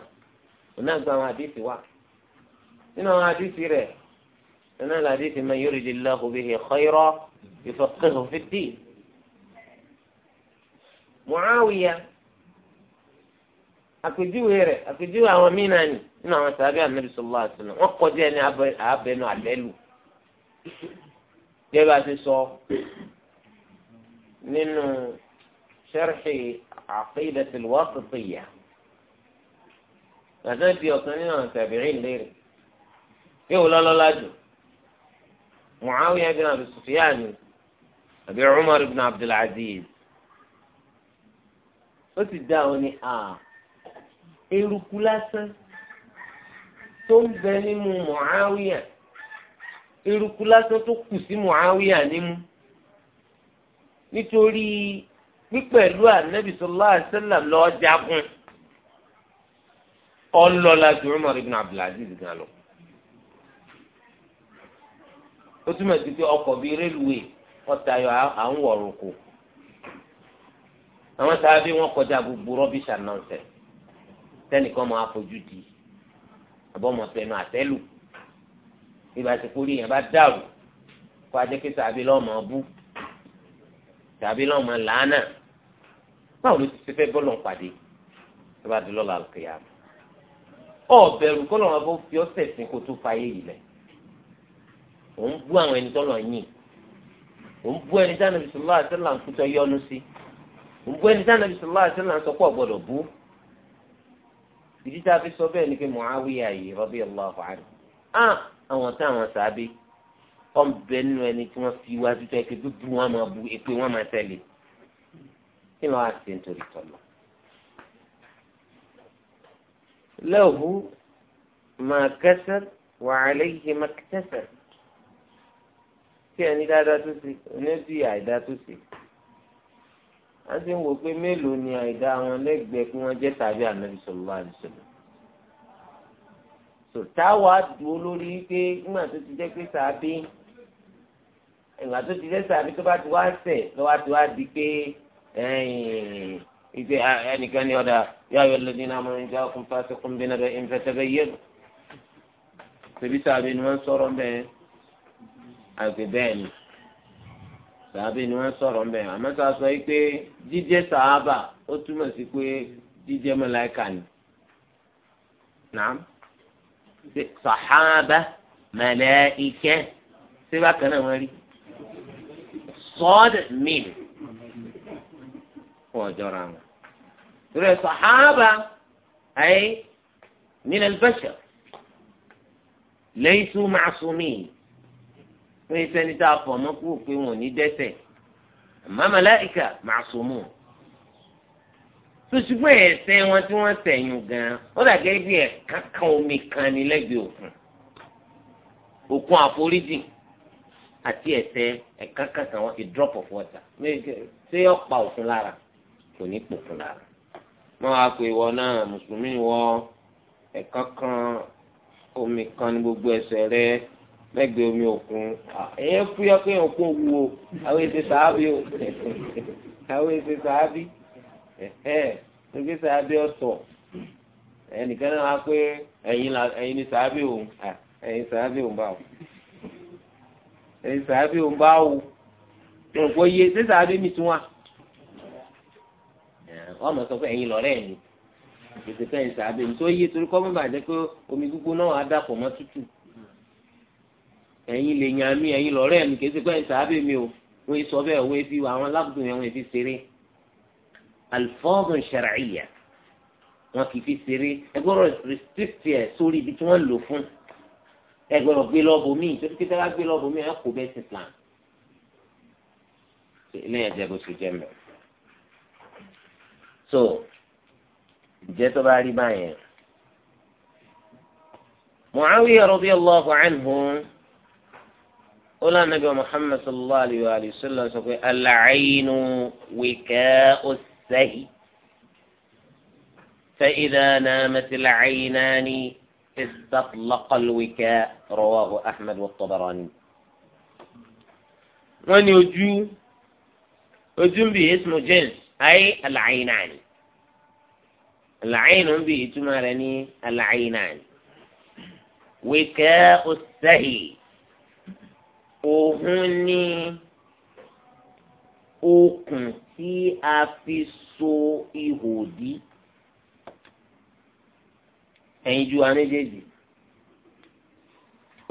òun náà gba àwọn àdìsí wa nínú àwọn àdìsí rẹ̀ òun náà làdìsí man yuridillahu bihi khayran yufaqqihhu fid-din. Muawiya. àpèjúwe rẹ̀ àpèjúwe àwọn míì náà nì nínú àwọn sàbẹ ànábì sọlá àtúnà wọn kọjá ẹni abẹnú alẹ àlẹlù gẹ́gẹ́ bá ti sọ nínú sẹrìṣì àfẹyìlẹsìlẹ wọn tuntun yà gbàdá bí ọ̀kan nínú àwọn sàbẹ rìn léèrè bí wò lọ́lọ́lá jù Muawiya bin Abi ni àbí Umar bin Abdul Aziz ó ti dá wọn ní àá. eruku lásán tó ń bẹ nínú Muawiya eruku lásán tó kù sí Muawiya nímú nítorí pípẹ̀lú ànábì sallallahu alaihi wasallam lọ́ọ́ jagun ọlọ́lá ju Umar ibn Abdulaziz gan lọ ó túmọ̀ sí pé ọkọ̀ bíi rélùwé ọ̀tayọ̀ à ń wọ̀rùn àwọn sábà bí wọ́n kọjá gbogbo rọ́bìṣà nọ́ọ̀sẹ̀ tẹnìkan máa fojú di àbọ̀mọ̀ tẹnu àtẹ́lù ìgbà tí kúrì yẹn bá dàrú kó ajẹ́ pé tàbí lọ́mọ bú tàbí lọ́mọ làánà báwo ló ti ṣe fẹ́ bọ́lọ̀ ń pàdé tó bá di lọ́la àlùkìyà ọ bẹ̀rù kọ́ lọ́wọ́ bó fi ọ́ sẹ̀sìn kó tó fàyè yìí lẹ̀ òun bú àwọn ẹni tọ́lọ̀ yìn òun bú ẹni tí Ànábì sallallahu alaihi wasallam ń kútọ́ yọ́nú sí òun bú ẹni tí Ànábì sallallahu alaihi wasallam ń sọ pé ọ̀gbọ́dọ̀ bú ìdí tá a fi sọ bẹ́ẹ̀ ni pé Muawiya yìí radiyallahu anhu ah àwọn tá àwọn sábẹ́ wọn bẹ nínú ẹni tí wọn fi iwájú tó ẹgbẹ gbogbo wọn máa bu èpè wọn máa tẹ̀lé kí ló wá sí nítorí tọlọ. lahu ma kasab wa alayhi maktasab kí ẹni dáadáa tó ṣe ẹni bí àìdáa tó ṣe a ti ń wò pé mélòó ni àìdá wọn lẹ́gbẹ̀ẹ́ kí wọ́n jẹ́ tàbí ànábì sallallahu alaihi wasallam. sòtáwà dúró lórí pé nígbà tó ti jẹ́ pé sàábí ìgbà tó ti jẹ́ sàábí tó bá ti wá sẹ̀ lọ́wọ́ ti wá di pé ìgbé ẹnìkan ni ọ̀dà yā ayyuhalladhīna āmanū in jā'akum fāsiqun binaba'in fatabayyanū. tòbí sàábí ni wọ́n sọ̀rọ̀ bẹ́ẹ̀ sàábì ni wọ́n sọ̀rọ̀ ń bẹ̀ àmọ́ tá a sọ yìí pé jíjẹ́ sàábà ó túmọ̀ sí pé jíjẹ́ màláíkà ni nàám sàhábà màláíkà ṣé bákan náà wọ́n rí sọ́ọ̀dì mìíràn fún ọjọ́ ra wọn. Rẹ̀ sàhábà ayé min al-bashar laysu ma'sumin wọ́n yẹ sẹ́ni tá a fọ̀ mọ́ kúrò pé wọn ò ní dẹ́ṣẹ̀ So màláìkà màsùmù sọ́sùgbọ́n ẹ̀ṣẹ̀ wọn tí wọ́n ṣẹ̀yìn gan-an ó dàgẹ́ bí ẹ̀ka kan omi kan ní lẹ́gbẹ̀ẹ́ òkun òkun àforíjì àti ẹ̀ṣẹ̀ ẹ̀ka kankan wọn a drop of water ṣé yọ pa òkun lára kò ní pòkun lára wọ́n wá pé ìwọ náà mùsùlùmí wọ ẹ̀ka kan omi kan ní gbogbo ẹ̀ṣẹ̀ rẹ̀ mẹ́gbẹ̀ẹ́ omi òkun ẹ̀yẹ́ fúyẹ́ pé òkun wu o àwọn èsì sàábì o àwọn èsì sàábì ẹ̀ẹ́dẹ́gbẹ́ sàábì ọ̀tọ̀ ẹnìkan náà wá pé ẹ̀yin ni sàábì òun ẹ̀yin sàábì òun bá o ẹ̀yin sàábì òun bá wò òkú yé ṣé sàábì mi tún wà wọ́n mọ̀ sọ pé ẹ̀yin lọ́rẹ́ mi ètò kẹ́yìn sàábì mi tó yé torí kọ́ mọ́ bàjẹ́ pé omi gbígbóná wà á dàpọ̀ mọ́ tútù ẹ̀yin lè yàn mí ẹ̀yin lọ́rẹ́ mi kì í ṣe pé ẹ̀yin sàábẹ̀ mi o wọ́n sọ bẹ́ẹ̀ wọ́n fi àwọn alábùdó yẹn wọ́n fi ṣeré alfọ́ọ̀mù ṣàràyà wọn kì í fi ṣeré ẹ gbọ́dọ̀ restrict ẹ̀ sórí ibi tí wọ́n lò fún ẹ gbé lọ́bù mí torí kí tẹ́lá gbé lọ́bù mí ẹ kò bẹ́ẹ̀ sí ilé ẹ̀jẹ̀ bó ṣe jẹ́ mẹ́. so ǹjẹ́ tó bá rí báyẹn Muawiya radiyallahu anhu. ó نبي محمد صلى الله عليه وآله وسلم العين وكاء السهي فإذا نامت العينان استطلق الوكاء رواه أحمد والطبراني من يجو يجو به اسم جنس أي العينان العين به تمارني العينان وكاء السهي òun ni okùn tí a fi so ihò dí ẹ̀yin ju amédèjì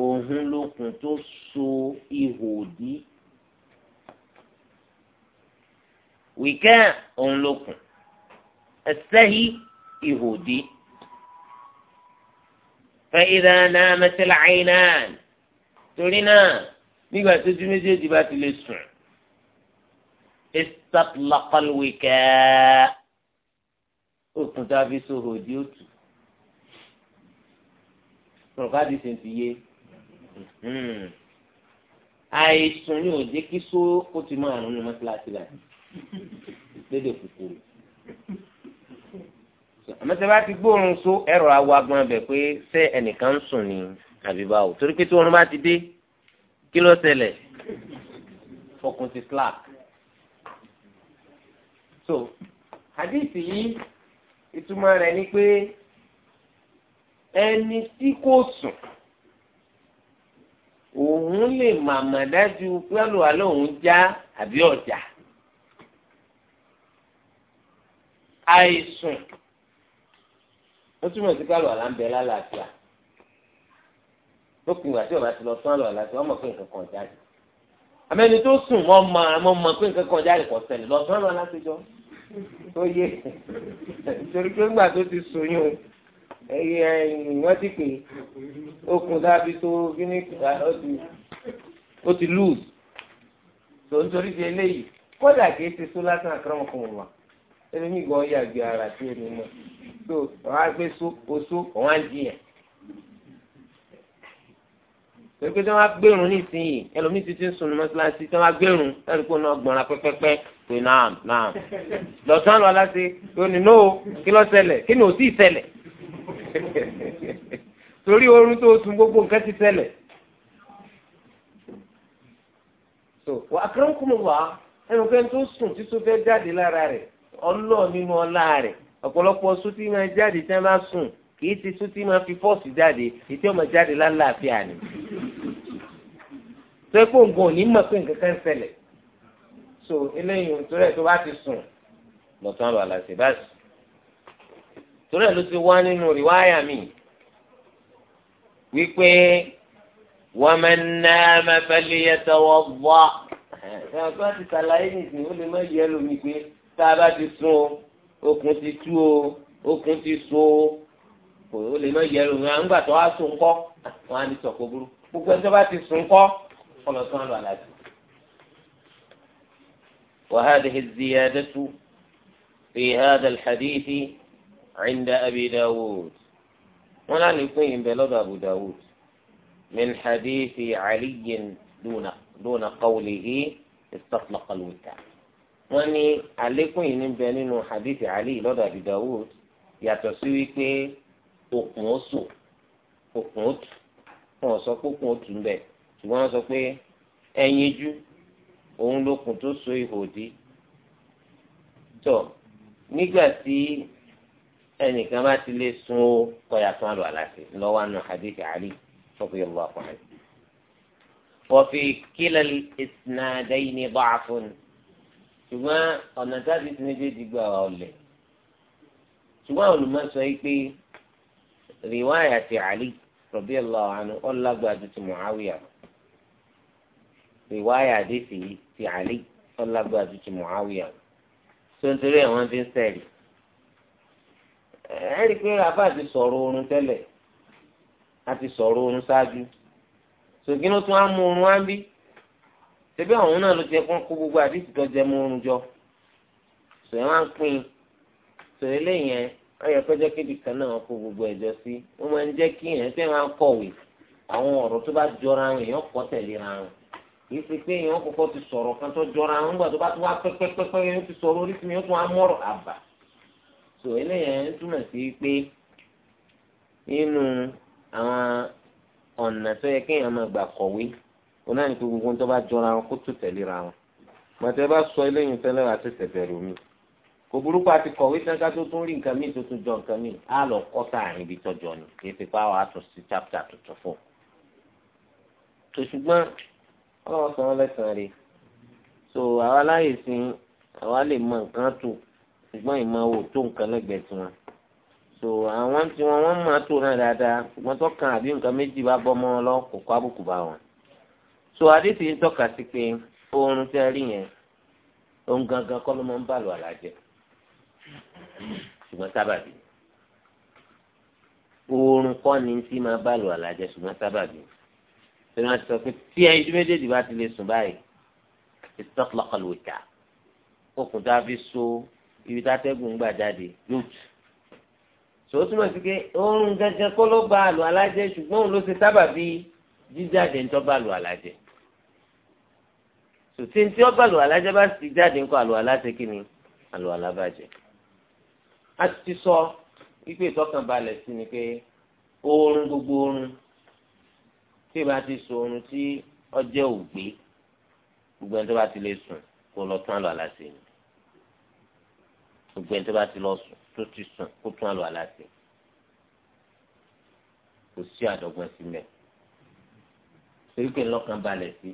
òun lókùn tó so ihò dí wíkẹ́ òun lókùn ẹsẹ́hí ihò dí. فإذا نامت العينان ترينا nígbà tó ju méjèèjì bá ti lè sùn istatlaqalwika òkun tá a fi so òdi òtù rọ̀bádìí sì ń ti yé hmm. àìsùn ni ò jẹ́ kí só ó ti máa rún ní mọ́tíláṣí láti lédè kúkúrú àmọ́ tẹ́ bá ti gbóòórùn só ẹ̀rọ awagbọn bẹ̀ pé ṣé ẹnìkan ń sùn ni àbí báwo torí pé tí oorun bá ti dé kí ló ṣẹlẹ̀ fọkùn ti slack so hadith yìí ìtumọ̀ rẹ̀ ni pé ẹni tí kò sùn òun lè màmá dájú pẹ́lú àlọ́ òun já àbí ọ̀jà àìsùn ó túmọ̀ sí pẹ́lú àlá ń La lópin ìgbà tí ọba ti lọ sán lọ láti wọn mọ̀ pé nǹkan kan jáde àmẹni tó sùn mọ mọ àmọ mọ pé nǹkan kan jáde kò ṣẹlẹ̀ lọ sán lọ láti jọ tó yé nítorí pé ńgbà tó ti sùn yún ẹyẹ wọn ti pè okùn dábí tó gíní ó ti lùz tó nítorí ti eléyìí kódà kìí ti sún lásán àkàràmọkùnrin wa ẹni mi gbọ́ yàgbé ara tí ó ní mọ́ tó àwọn agbésó oṣó àwọn àjìyàn torí pé tí wọ́n á gbẹ̀rún nísìnyí ẹlòmíì ti ti ń sunu mọ́ṣáláṣí tí wọ́n á gbẹ̀rún ẹ̀rí pé náà gbọ̀nra pẹ́pẹ́pẹ́ pé náà náà lọ́sàn-án lọ aláṣẹ tó ní nóò kí ló ṣẹlẹ̀ kí ni ò sì ṣẹlẹ̀ torí oorun tó sun gbogbo nǹkan ti ṣẹlẹ̀. so wà á kẹ́rọ́ kúmọ̀ wá ẹnu pé tó sùn tí tó fẹ́ jáde lára rẹ̀ ọlọ́ nínú ọlá rẹ̀ ọ̀pọ̀lọpọ̀ sùtì máa jáde tí wọ́n bá sùn kì í ti sùtì máa fi fọ́ọ̀sì jáde ìtí ọmọ jáde lálàáfíà ni tó ẹ kó nǹkan ò ní mọ̀ pé nǹkan kan ṣẹlẹ̀ so eléyìí nítorí ẹ̀ tó bá ti sùn lọ́tún àbàlà sí báyìí torí ẹ̀ ló ti wá nínú rìwáyà mi wípé wọ́n máa ń ná mẹ́fẹ́lẹ́yẹtọ̀wọ́ bọ́ ẹ̀ ẹ̀ bá ti ṣàlàyé nìsín ó lè má yẹ lómi pé tá a bá ti sùn okùn ti tú o okùn ti so o kò ó lè má yẹ lómi à ń wá sùn kọ́ wọ́n á ní sọ̀kò burú gbogbo ẹni tó bá ti sùn kọ́ kọlọ tó ń lọ àlàjì. وهذه الزيادة في هذا الحديث عند أبي داود ولا نقيم بلد أبو داود من حديث علي دون دون قوله استطلق الوداع واني عليكم ينبين حديث علي لدى أبي داود يتسويك أقنصو أقنط وصف أقنط بيه ṣùgbọ́n wọ́n sọ pé ẹyinjú òun lókun tó so ihò dí tọ̀ nígbà tí ẹnìkan bá ti lè sun ó kọyà tán àlọ́ àlàsì lọ́wọ́ àánú hadith Ali radiyallahu anhu. وفي كلا الإسنادين ضعف ṣùgbọ́n ọ̀nà tábí ti méjèèjì gbà wà ọ̀lẹ̀ ṣùgbọ́n olùmọ̀sọ yìí pé rìwáyà ti Ali radiyallahu anhu ọ̀làgbà àti ti Muawiya rìwáyà àdéhìí yìí ti àlè ọlágbára ju ti Muawiya tó ń torí ẹ̀ wọ́n fi ń sẹ́ẹ̀lì ẹ̀ rí i pé abá ti sọ̀rọ̀ oorun tẹ́lẹ̀ a ti sọ̀rọ̀ oorun ṣáájú ṣògì ló tún á mú oorun á bí ṣebí àwọn náà ló ti kún kó gbogbo àdéhìí tó jẹ mú oorun jọ sọ̀rọ̀ wọn á pín in sọ̀rọ̀ eléyìí yẹn ọyọ pẹjọ kébì kan náà kó gbogbo ẹjọ sí wọn máa ń jẹ kí èèyàn tẹ máa kọ̀wé àwọn ọ̀rọ̀ tó bá jọra wọn èèyàn kọ tẹ̀léra wọn kì í ṣe pé èèyàn kọ́kọ́ ti sọ̀rọ̀ kan tó jọra àwọn gbà tó bá tún wá pẹ́pẹ́pẹ́pẹ́ yóò ti sọ̀rọ̀ oríṣi mi yóò tún wá mọ́rọ̀ àbà tó eléyẹn ń túmọ̀ sí pé nínú àwọn ọ̀nà tó yẹ kéèyàn máa gbà kọ̀wé òun náà ní pé gbogbo tó bá jọra wọn kó tó tẹ̀léra wọn màtẹ́ bá sọ eléyìí tẹ́lẹ̀ wá sí tẹ̀tẹ̀ rò mí kò burúkú àti kọ̀wé tán ká tó tún rí nǹkan míì tó tún jọ nǹkan míì á lọ kọ́ sáàrin ibi tọ́jọ́ ni kì í ṣe pé àwọn àtúnṣe chapter tuntun fún un. tòṣùgbọ́n ọlọ́wọ́ san án lẹ́sàn-án rè so àwa láyè sí àwa lè mọ nǹkan tó ṣùgbọ́n ìmọ̀ wò tó nǹkan lẹ́gbẹ̀ẹ́ tiwọn so àwọn tí wọn wọn máa tó náà dáadáa ṣùgbọ́n tọ́kàn àbí nǹkan méjì bá bọ́ mọ́ wọn lọ kò kó àbùkù bá wọn so adéfì ń tọ́ka sí pé oorun tẹ́ rí yẹn ohun gangan kọ́ ló máa ń bàlù àlàjẹ ṣùgbọ́n sábàbí oorun kọ́ ni tí máa bàlù àlàjẹ ṣùgbọ́n sábàbí ìrìn àti sọ pé tí ẹyinjú méjèèjì bá ti lè sùn báyìí ìtọ́kùlọ́kọ̀lù ìta okùn tá a fi so ibi tátẹ́gùn gbà jáde yóò tù sòwò túmọ̀ sí pé oorun gẹ́gẹ́ kó ló gba àlù alájẹ ṣùgbọ́n òun ló ṣe sábà bí jíjáde ń tọ́gbà àlù alájẹ sòtí tí ó gbà àlù alájẹ bá sì jáde ń àlù alájẹ kí ni àlù alábàjẹ a ti sọ wípé ìtọ́kànbalẹ̀ sí ni pé oorun gbogbo oorun tí ìbá ti sùn oorun tí ọjẹ́ ògbé gbogbo ẹni tó bá ti lè sùn kó lọ tún àlọ́ àlàsì ni gbogbo ẹni tó bá ti lọ sùn tó ti sùn kó tún àlọ́ àlàsì kò sí àdọ́gbọ́n sí mẹ́ torí pé ńlọ́kàn balẹ̀ sí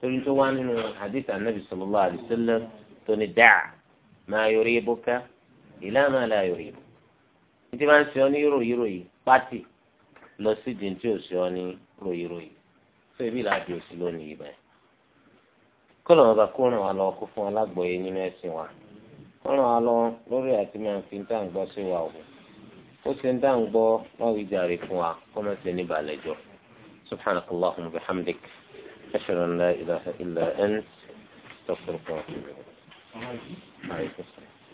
torí tó wá nínú hadith anabi sallallahu alaihi wasallam tó ní dáa máa yọrí ibùká ìlànà àlà yọrí ibù títí máa ń sọ ní yúròyìròyì pátì lọ sí di tí òsì ọ ní ròyìnròyìn fún ebi láti òsì lónìí yìí báyìí kọlọ ọba kó ràn wá lọ kó fún alágbọ̀ọ́yé nínú ẹ̀sìn wa kó ràn wá lọ lórí àti máa fi ń tà ń sí wa o ó ti ń dá ń gbọ́ jàre fún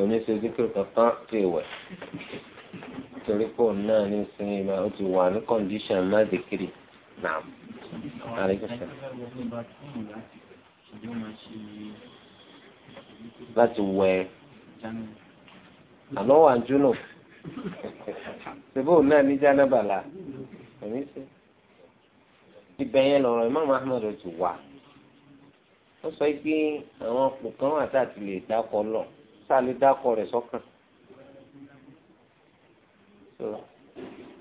òní ṣe díkìrì kankan ti wẹ̀ torí pé òun náà ní sinmi máa ó ti wà ní kọ́ndíṣàn má díkìrì náà. láti wẹ̀ àlọ́ wà júnù ṣebí òun náà ní jánábàlà òní ṣe ibẹ̀ yẹn lọ́rọ̀ Imam Ahmad ti wà ó sọ pé àwọn ọkùnrin kan wà tá a ti lè dákọ̀ lọ sálẹ̀ dákọ̀ rẹ̀ sọ́kàn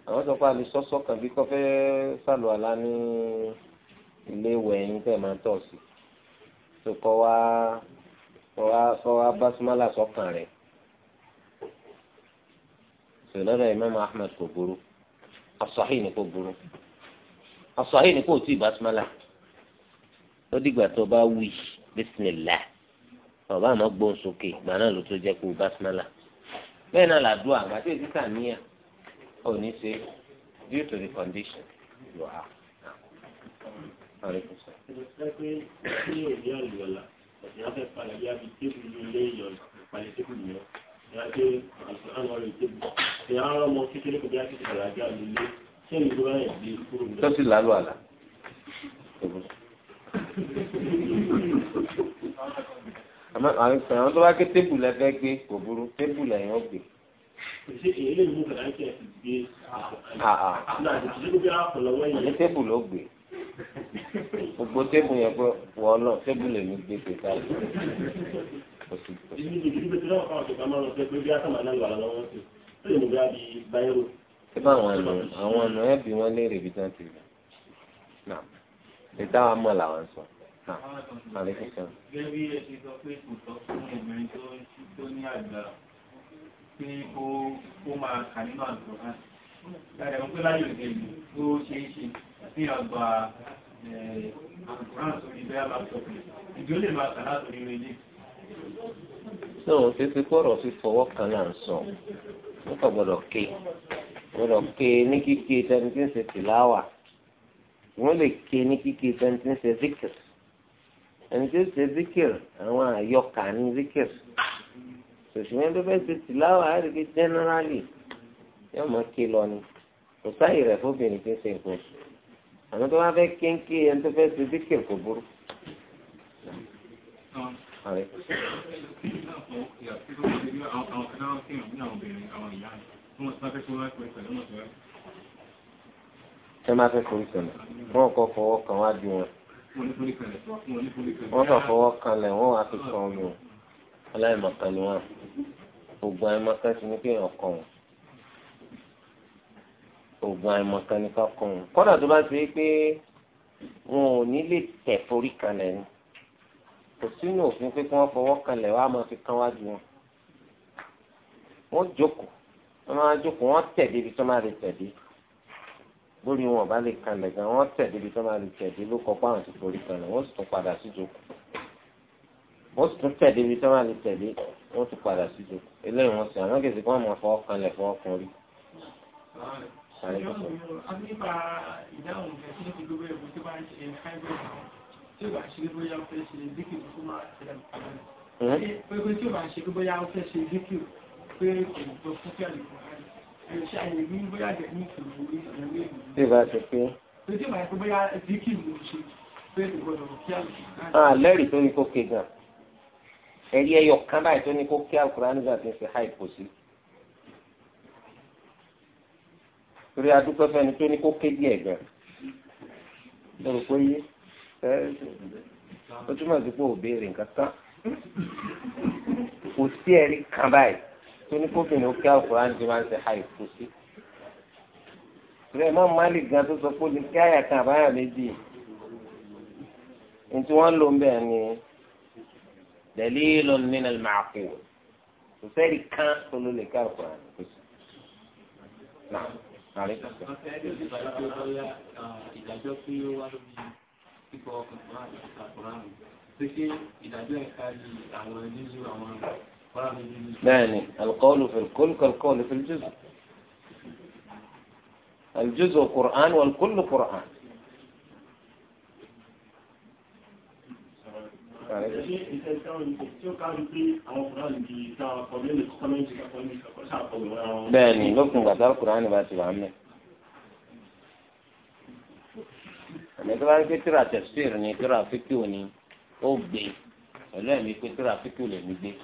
àwọn sọ pé alẹ́ sọ́sọ́ kan bí kò fẹ́ sàlùwàlá ní ilé ìwẹ̀ yín tẹ̀ máa ń tọ̀ sí tó kọ́ wá kọ́ wá kọ́ wá básímálà sọ́kàn rẹ̀ sọlọ́dọ̀ imam ahmed kò burú asọ́hìn ni kò burú asọ́hìn ni kò tí ì básímálà ó dìgbà tó bá wí bísímìlá ọba àmọ́ gbóhùn sókè ìgbà náà ló tó jẹ́ pé o basmala bẹ́ẹ̀ náà làdúrà àgbà tí èsì sàníyà ò ní ṣe due to the condition you are. Tó sì àlà àwọn tó bá ké tébù lẹ́fẹ́ gbé kò burú tébù lẹ́yìn ó gbé. ní tébù ló gbé gbogbo tébù yẹn pé wọ́n lọ tébù lè ní gbé pé táyì. ṣé báwọn ọ̀nà àwọn ọ̀nà ẹ̀bí wọn léèrè bí wọ́n ti rí? ìtawà mọ̀ làwọn sọ. Ah, Gẹ́gẹ́ bí ẹ ti sọ pé kò tọ́ fún ẹ̀mẹ́rin tó ní àgbà pé ó máa kà nínú àgbà náà. Láàrẹ̀ wọ́n pé láyò ìgbẹ̀lú tó ṣe é ṣe sí àgbà àkùnrán sórí bẹ́ẹ̀ láptọ̀pù. Ìjọ lè máa kà látòrí rẹ̀ lé. Sọ fífi kọ́rọ̀ fífọwọ́ kan náà sọ, ó kàn gbọ́dọ̀ ké. Gbọ́dọ̀ ké ní kíké tẹni tí ń ṣe tìláwà. Wọ́n lè ké ní kíké tẹni tí ń ṣe zikir ẹni tí ó ṣe zikir àwọn àyọkà ní zikir sòṣìwọ́n tó fẹ́ ṣe tìláwà á rí i jẹ́nẹ́rálì yóò mọ̀ kí lọ ni kò sáyè rẹ̀ fóbìnrin tí ń ṣe nǹkan àmọ́ tó bá fẹ́ kéńké ẹni tó fẹ́ ṣe zikir kò burú. ṣé máa fẹ́ forí sọ̀nà wọn kọ́ fọwọ́ kan wá bí wọn wọ́n kàn fọwọ́ kalẹ̀ wọ́n wá fi sọ ọmọ aláìmọ̀kan ni wọ́n ògùn àìmọ̀kan ti ní kéèyàn kọ̀ wọ́n ògùn àìmọ̀kan ni ká kọ̀ wọ́n kọ́dà tó bá ti rí pé wọn ò ní lè tẹ̀ forí kalẹ̀ ni kò sínú òfin pé kí wọ́n fọwọ́ kalẹ̀ wọ́n á máa fi kán wájú wọn wọ́n jókòó wọ́n máa jókòó wọ́n tẹ̀ débi tó máa lè tẹ̀ débi lórí wọn ọba lè kalẹ̀ gan wọ́n tẹ̀ débi tó máa lè tẹ̀ dé ló kọ́ páwọn ti forí kalẹ̀ wọ́n sì tún padà sí ìjókòó wọ́n sì tún tẹ̀ débi tó máa lè tẹ̀ wọ́n tún padà sí ìjókòó eléyìí wọ́n sì àwọn kìí sì kọ́ ọmọ fọ́ kalẹ̀ fọ́ ọkùnrin. nípa ìdáhùn ìfẹsí ti gbogbo tí wọ́n ṣe hybrid tí wọ́n ṣe ó fẹ́ ṣe díkì pé tí wọ́n ṣe bóyá ó fẹ́ ṣe Ìbá ti pé. Àlẹ́rìí ah, tó ní kó ké gan. Ẹ̀rí ẹyọ kan báyìí tó ní kó ké àkùrá nígbà tí ń fi háì kò sí. Torí adúpẹ́ fẹ́ni tó ní kó ké díẹ̀ gan. Mo rò pé yé. Ó túmọ̀ sí pé ò béèrè nǹkan kan. Kò sí ẹ̀rí kan báyìí tó ní kófìnì ó kí alukur'an ti máa ń ṣe àì kú sí. ìrẹ́ máa Malik gan tó sọ pé ó ní kí àyà kan àbáyà méjì ní tí wọ́n lò ń bẹ̀ ni dalilun min al-ma'qul kò sẹ́ẹ̀rì kan tó ló lè kí alukur'an kú sí. Ìdájọ́ tí ó ṣé ìdájọ́ ẹ̀ka ni àwọn nílùú àwọn يعني القول في الكل كالقول في الجزء الجزء قرآن والكل قرآن يعني ممكن بعد القرآن بعد العمل يعني كلا كتير تفسير نيكرا فيكوني أوبي ولا ميكو كتير فيكولي ميكو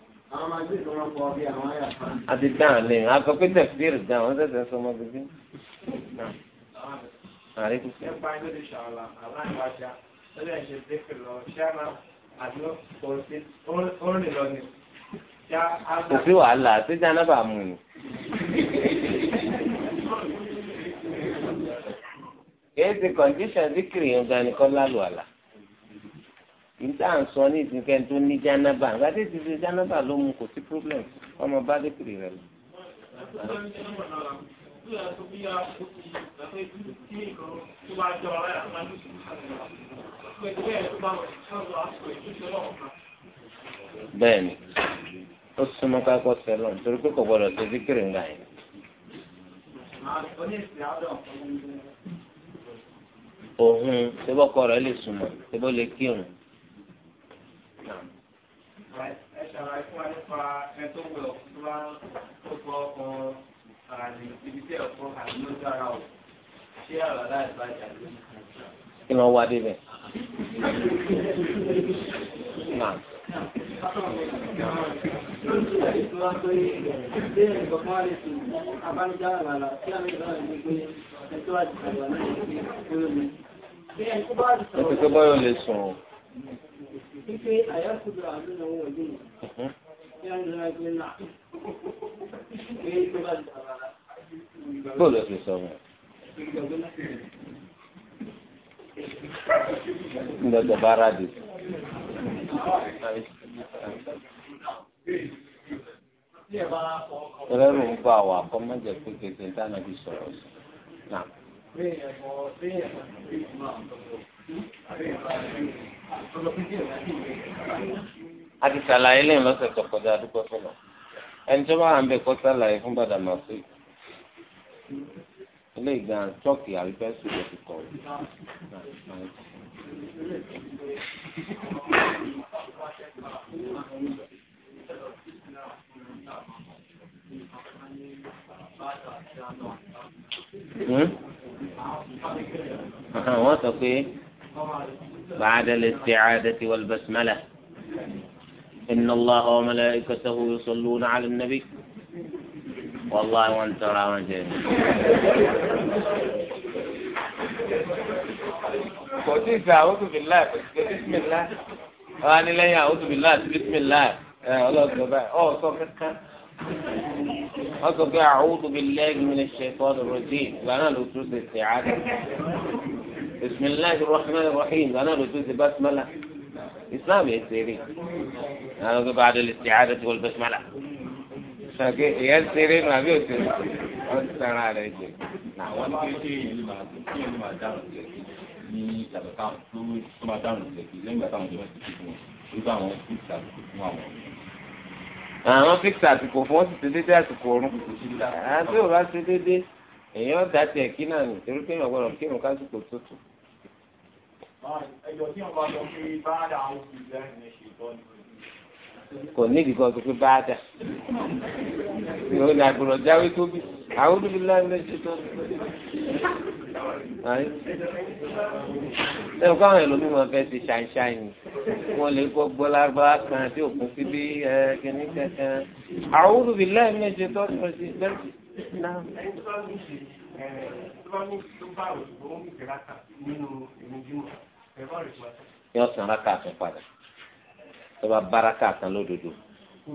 àti dáhùn lè rìn akọ pé tẹ̀síìrì dáhùn wọ́n tẹ̀sẹ̀ sọ ọmọ bíbí. nípa inú ti ṣàlà aláìwájà lórí ẹ̀ṣẹ̀ dékè lọ ṣáná àdó kò sí ó rìn lọ ni. kò sí wàhálà síjà náà bá mú ni. kì í ti kọ̀ǹdíṣàn díkìrì yẹn gan ni kọ́ lálù àlà ìlú tá à ń sọ ní ìsìnkẹ́ tó ní jánábà gbadé ti ṣe jánábà ló mu kò sí problem ọmọ bá dé kiri rẹ lọ. bẹ́ẹ̀ni ó súnmọ́ kákọ́ sẹ́lọ̀ nítorí pé kò gbọ́dọ̀ ṣe síkìrì ńlá yẹn. òhun ṣé bọ́kọ rẹ̀ lè súnmọ́ ṣé bó lè kírun ẹ ṣàlàyé fún wa nípa ẹ tó wẹ̀ ọ́ tó bá tó fọ́ ọkọ̀ àrùn ibi tí ẹ̀kọ́ àrùn ló dára o ṣé àlàlá ìbàjẹ́ ló ń kàn. kí ló wá débẹ̀. Naam pípé àyàkùdù àdúnà wọn ojú mọ̀ ní àwọn náà pé tó bá dàbàrà. bóòlù ẹ fi sọ wọn. Ndé di. Ẹlẹ́rù ń bá wa kọ́ mọ́jẹ̀ pé kèké dáná bí sọ̀rọ̀ sí a ti ṣàlàyé lẹ́yìn lọ́sẹ̀ tó kọjá dúpẹ́ fún lọ ẹni tó bá wà ń bẹ kó ṣàlàyé fún Badamasi ilé ìgbà tọ́kì àrífẹ́sì ló ti kọ̀ hmm? wọ́n sọ pé. بعد الاستعادة والبسملة إن الله وملائكته يصلون على النبي والله وأنت راجل قلت أعوذ بالله بسم الله أنا لا أعوذ بالله بسم الله آه، الله أكبر أوه صفر أعوذ بالله من الشيطان الرجيم وأنا لو استعادة بسم الله الرحمن الرحيم ló tún ṣe basimala islam yẹn ṣeré àwọn ọgbẹ́ bá a dọ̀lẹ̀ ṣe àádọ́ tí wọ́n basimala ṣàkè ní kékeré yẹn tó máa dáhùn jẹ kí lẹ́yìn ìgbà táwọn jẹ ti kí fún wọn àwọn àwọn àsìkò fún wọn sì ti dédé àsìkò ọrùn àti òun bá ti dédé èèyàn dá tiẹ̀ kí náà nì torí pé èèyàn gbọ́dọ̀ kírun kásìkò tó tù kò níbi kan tó pé bá a dà yóò ní àgbọ̀rọ̀ jáwé tóbi àwọn olùbílá ń lẹ́sẹ̀ tó ayé ẹ̀rọ káwọn ẹ̀lòmí fẹ́ ti ṣàǹṣàǹ yìí wọ́n lè kọ́ gbọ́lágbá kan tí òkun fi bí kìnní kankan àwọn olùbílá ń lẹ́sẹ̀ tó ti ṣe bẹ́ẹ̀ náà ẹ̀rọ tó bá òṣùwọ̀n mi kìláta nínú ìmújúmọ̀ yóò san raka tún padà tó bá baraka tán lódodo.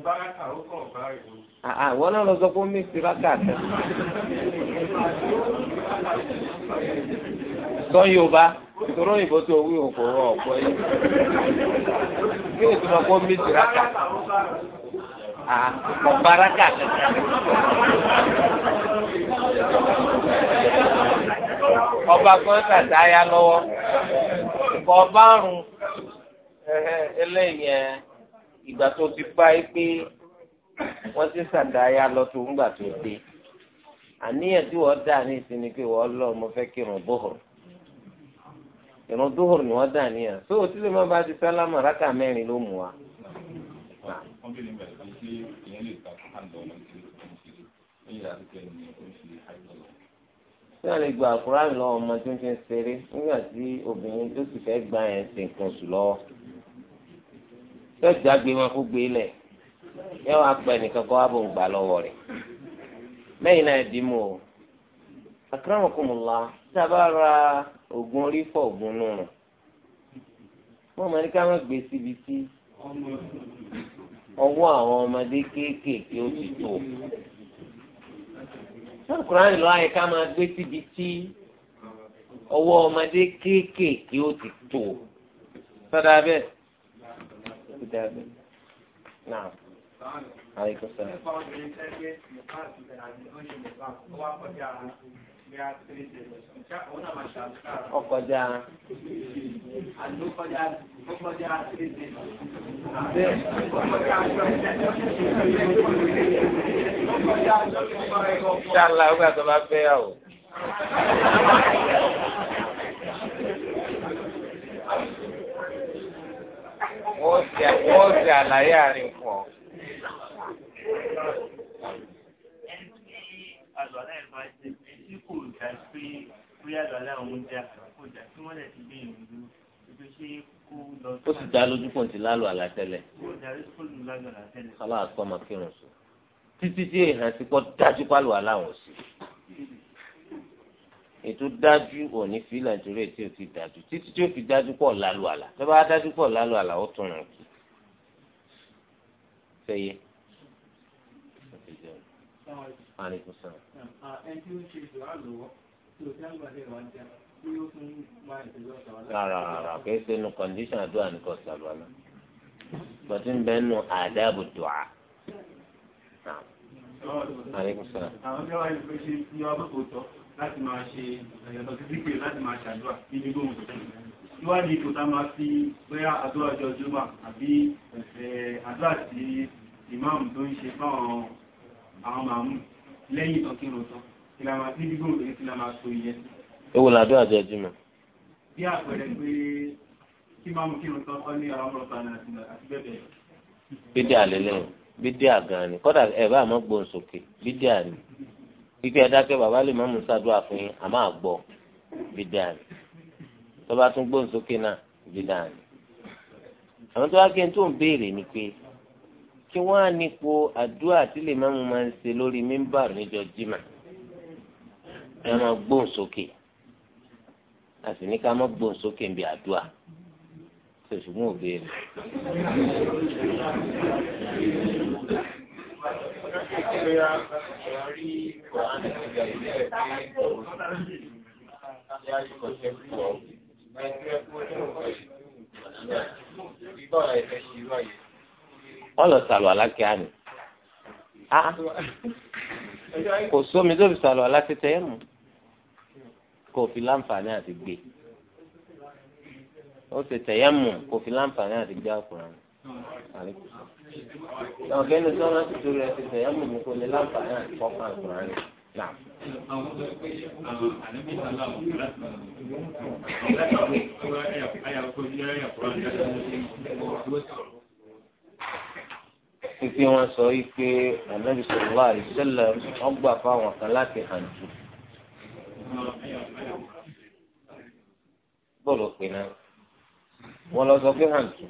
baraka ó kàn báyìí. àwọn náà lọ sọ pé ó mí sí raka tán. sọ yorùbá ìṣòro òyìnbó tó wí òkò rọ ọ̀pọ̀ yìí kí o tún lọ kó mí sí raka kò baraka ọba kan tàtà ya lọ́wọ́. kọ́ ahụ eléyẹn ìgbà tó ti pa é pé wọ́n ti sàdáyà lọ tó ń gbà tó dé àníyàn tí wọ́n dà ní ìsinmi pé wọ́n lọ mo fẹ́ kírun ni wọ́n dà ní bẹ̀rẹ̀ sí ṣé ìyẹn lè ta tí wọn lè gba àkùrán lọ ọmọ tí ń fi ṣeré nígbà tí obìnrin tó sì fẹ́ gba ẹ̀ ṣe nǹkan oṣù lọ́wọ́ yóò jágbe wọn kó gbé lẹ̀ yóò wá pẹ́ nìkan kó wá bò ń gbà lọ́wọ́ rẹ̀ mẹ́yìn náà dì mú o akramakumullah tí a bá ra oògùn orí fọ oògùn nù rùn wọn máa ní ká má gbé síbi tí ọwọ́ àwọn ọmọdé kéékèèké ó ti tó alukurani lọ ayé ká máa gbé síbi tí ọwọ́ ọmọdé kéékèèké ó ti tó sọ́dọ̀ abẹ́ sọ́dọ̀ abẹ́ náà. Àìkú sọ. Nípa obìnrin tẹ́lẹ̀ Mùkán ti bẹ̀rẹ̀ àti ó ń ṣe Mùkán tó bá fẹ́ yà Wọ́n ṣe àlàyé àárín fún ọ ẹni tí àlọ́lá ẹ̀ bá jẹ́ tí kò dá pé bóyá já kò dá tí wọ́n lẹ̀ ti gbé ìrìn dúró ibi ṣé kó lọ. ó sì dá lójú pọ̀ sí lálù àlàtẹ́lẹ̀. ó darí kó lù lálù àlàtẹ́lẹ̀. kálá àtọ́ máa kírun sùn títí tí èèyàn ti kọ́ dájú pálù aláwọ̀ sí ètò dájú òní fílà nítorí ètò ò ti dájú títí tí ó fi dájú pọ̀ lálù àlà tó bá dájú pọ̀ lálù àlà ó tún rìn kí. Aleykum ah, salaam. Ẹni tí ó ṣe ìṣòro àlọ́wọ́ tí ó tẹ́ ń gbàdé ìwà jẹ́ tí ó tún máa ìṣòro ọ̀sán. Rárá rárá kì í ṣe nu kọ̀ǹdíṣàn àdúrà ní kọ̀ọ̀sán lọ́la. Bọ̀tí ń bẹ́ nu àdáàbò dùà. Aleykum salaam. Àwọn ọjọ́ wa ni pé ṣe ní ọdún tó tọ́ láti máa ṣe ẹ̀yọ̀tọ̀ sí dípè láti máa ṣàdúrà ní gbígbó òun tuntun. Ìwádìí kò tá máa fi bóyá àdúrà ọjọ́ Júmọ̀ àbí àdúrà tí ìmáàmù tó ń ṣe fáwọn àwọn máa mú lẹ́yìn ìtọ́kírun tán ìlànà níbi gbòòrò èyí ti la máa so ìyẹn. ewu làdó àjọ jùmọ̀. bí àpẹẹrẹ pé kí máa mú kírun tán kọ́ ní àwọn ọ̀rọ̀ kan àti bẹ́ẹ̀ bẹ́ẹ̀. bídíà lélẹ́yìn bídíà gan-an ni kódà ẹ̀ bá àmọ́ gbóhùn sókè bídíà ni pípẹ́ adákẹ́ bàbá lè má mú sàdúrà fún yín àmọ́ àgbọ̀ bídíà ni tó bá tún gbóhùn sókè náà bídíà ni àwọn tó wá kí n tó ń béèrè ni pé kí wọ́n á nípo àdúrà tí lè máa mú máa ń ṣe lórí mímbàrú níjọ́ jimá ẹ máa gbóhùn sókè a sì ní ká máa gbóhùn sókè níbi àdúrà ṣèṣùgbọ́n òbéèrè. Thank wọ́n lọ sàlù alákẹ́ àná kò sómi tó fi sàlù alákẹ́ tẹ́ ẹ̀ mú kò fi láǹfààní àti gbé ó ti tẹ̀yẹ́ mú kò fi láǹfààní àti gbé àkùrán ọ̀gá ẹni tó ń rántí torí ẹ ti tẹ̀yẹ́ mú mi kò lè láǹfààní àti kọ́kọ́ àkùrán rẹ̀ náà. Thank you fífi wọn sọ wípé ànábì sọlá àdìsẹlẹ ọgbà fáwọn kan láti hàn jù bọ́ọ̀lù pè náà wọ́n lọ sọ pé hàn jù.